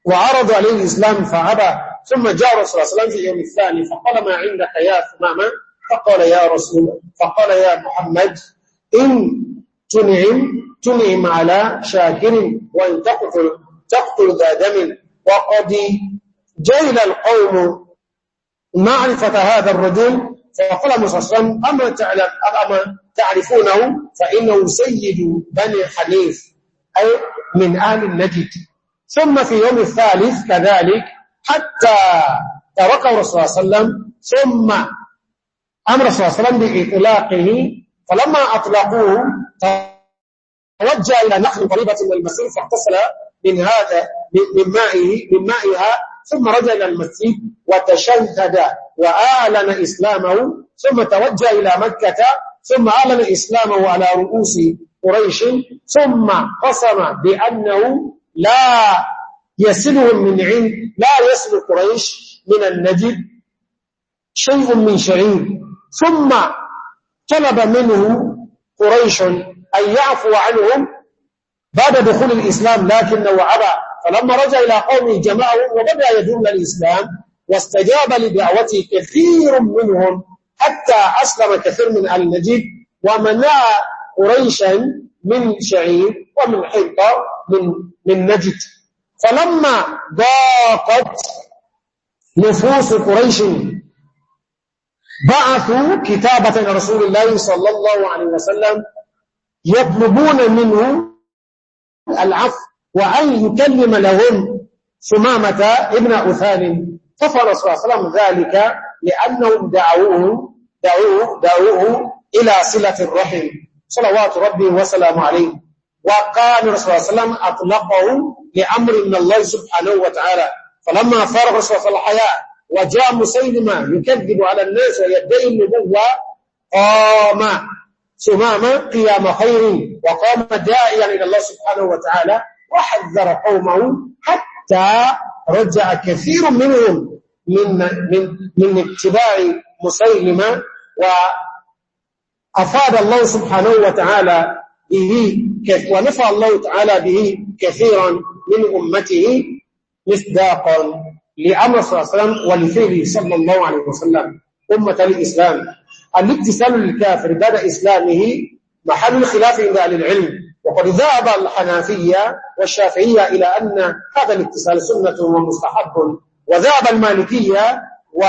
وعرضوا عليه الإسلام فعبى ثم جاء رسول الله صلى الله عليه وسلم في اليوم الثاني فقال ما عندك يا ثماما فقال يا رسول فقال يا محمد إن تنعم تنعم على شاكر وإن تقتل تقتل ذا دم وقد جيل القوم معرفة هذا الرجل فقال موسى صلى أما تعلم أما تعرفونه فإنه سيد بني حنيف أي من آل النجد ثم في يوم الثالث كذلك حتى تركه رسول الله صلى الله عليه وسلم ثم أمر صلى الله عليه وسلم بإطلاقه فلما أطلقوه توجه إلى نخل قريبة من المسجد فاغتسل من هذا من مائه من مائها ثم رجع إلى المسجد وتشهد وآلن إسلامه ثم توجه إلى مكة ثم أعلن إسلامه على رؤوس قريش ثم قسم بأنه لا يسلهم من عند لا يسل قريش من النجد شيء من شعير ثم طلب منه قريش أن يعفو عنهم بعد دخول الإسلام لكنه عبى فلما رجع إلى قومه جمعهم وبدأ يدل الإسلام واستجاب لدعوته كثير منهم حتى أسلم كثير من النجد ومنع قريشا من شعير ومن حنطة من من نجد فلما ضاقت نفوس قريش بعثوا كتابة رسول الله صلى الله عليه وسلم يطلبون منه العفو وأن يكلم لهم سمامة ابن أثان ففر صلى الله عليه وسلم ذلك لأنهم دعوه دعوه دعوه إلى صلة الرحم صلوات ربي وسلام عليه وقال الله صلى الله عليه وسلم أطلقه لأمر من الله سبحانه وتعالى فلما فارغ الله صلى الله عليه وسلم الحياة وجاء مسيلمة يكذب على الناس ويدعي النبوة قام سمامة قيام خير وقام داعيا إلى الله سبحانه وتعالى وحذر قومه حتى رجع كثير منهم من من من اتباع مسيلمة وأفاد الله سبحانه وتعالى به ونفع الله تعالى به كثيرا من أمته مصداقا لأمر صلى الله عليه وسلم ولفعله صلى الله عليه وسلم أمة الإسلام الاتسال للكافر بعد إسلامه محل الخلاف عند أهل العلم وقد ذهب الحنافية والشافعية إلى أن هذا الاتسال سنة ومستحب وذهب المالكية و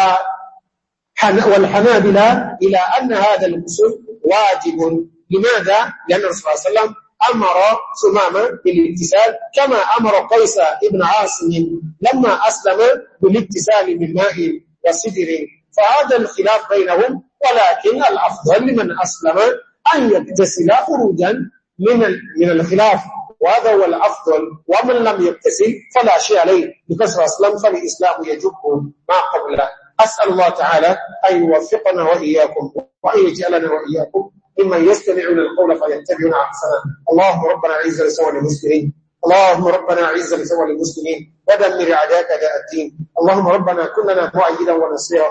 والحنابلة إلى أن هذا الغسل واجب لماذا؟ لأن الرسول صلى الله عليه وسلم أمر ثمامة بالابتسال كما أمر قيس ابن عاصم لما أسلم بالابتسال من ماء فهذا الخلاف بينهم ولكن الأفضل لمن أسلم أن يبتسل خروجا من من الخلاف وهذا هو الأفضل ومن لم يبتسل فلا شيء عليه بكسر أسلم فالإسلام يجب ما قبله أسأل الله تعالى أن يوفقنا وإياكم وأن يجعلنا وإياكم ممن يستمعون القول فيتبعون احسنه اللهم ربنا اعز لسوء المسلمين اللهم ربنا اعز لسوء المسلمين ودمر اعداءك اعداء الدين اللهم ربنا كلنا مؤيدا ونصيرا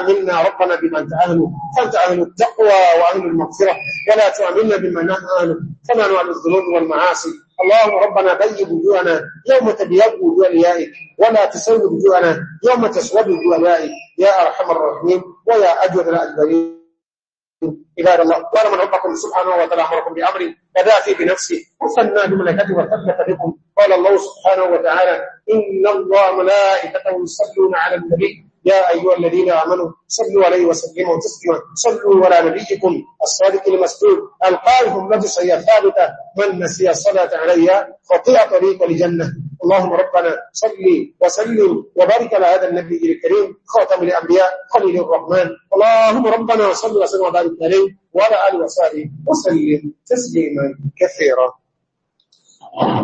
امنا ربنا بما انت اهله فانت اهل التقوى واهل المغفره ولا تؤمنا بما نحن اهله فمن اهل الذنوب والمعاصي اللهم ربنا بيض وجوهنا يوم تبيض وجوه ليائك ولا تسود وجوهنا يوم تسود وجوه ليائك يا ارحم الراحمين ويا اجود الاجملين عباد الله من ربكم سبحانه وتعالى امركم بامر في بنفسه وصلنا بملائكته وثبت بكم قال الله سبحانه وتعالى ان الله ملائكته يصلون على النبي يا ايها الذين امنوا صلوا عليه وسلموا تسليما صلوا على نبيكم الصادق المسجود المسدود القائم هي ثابته من نسي الصلاه علي خطيئه طريق الجنه اللهم ربنا صلي وسلم وبارك على هذا النبي الكريم خاتم الأنبياء خليل الرحمن اللهم ربنا صلي وسلم وبارك عليه وعلى آله وصحبه وسلم تسليما كثيرا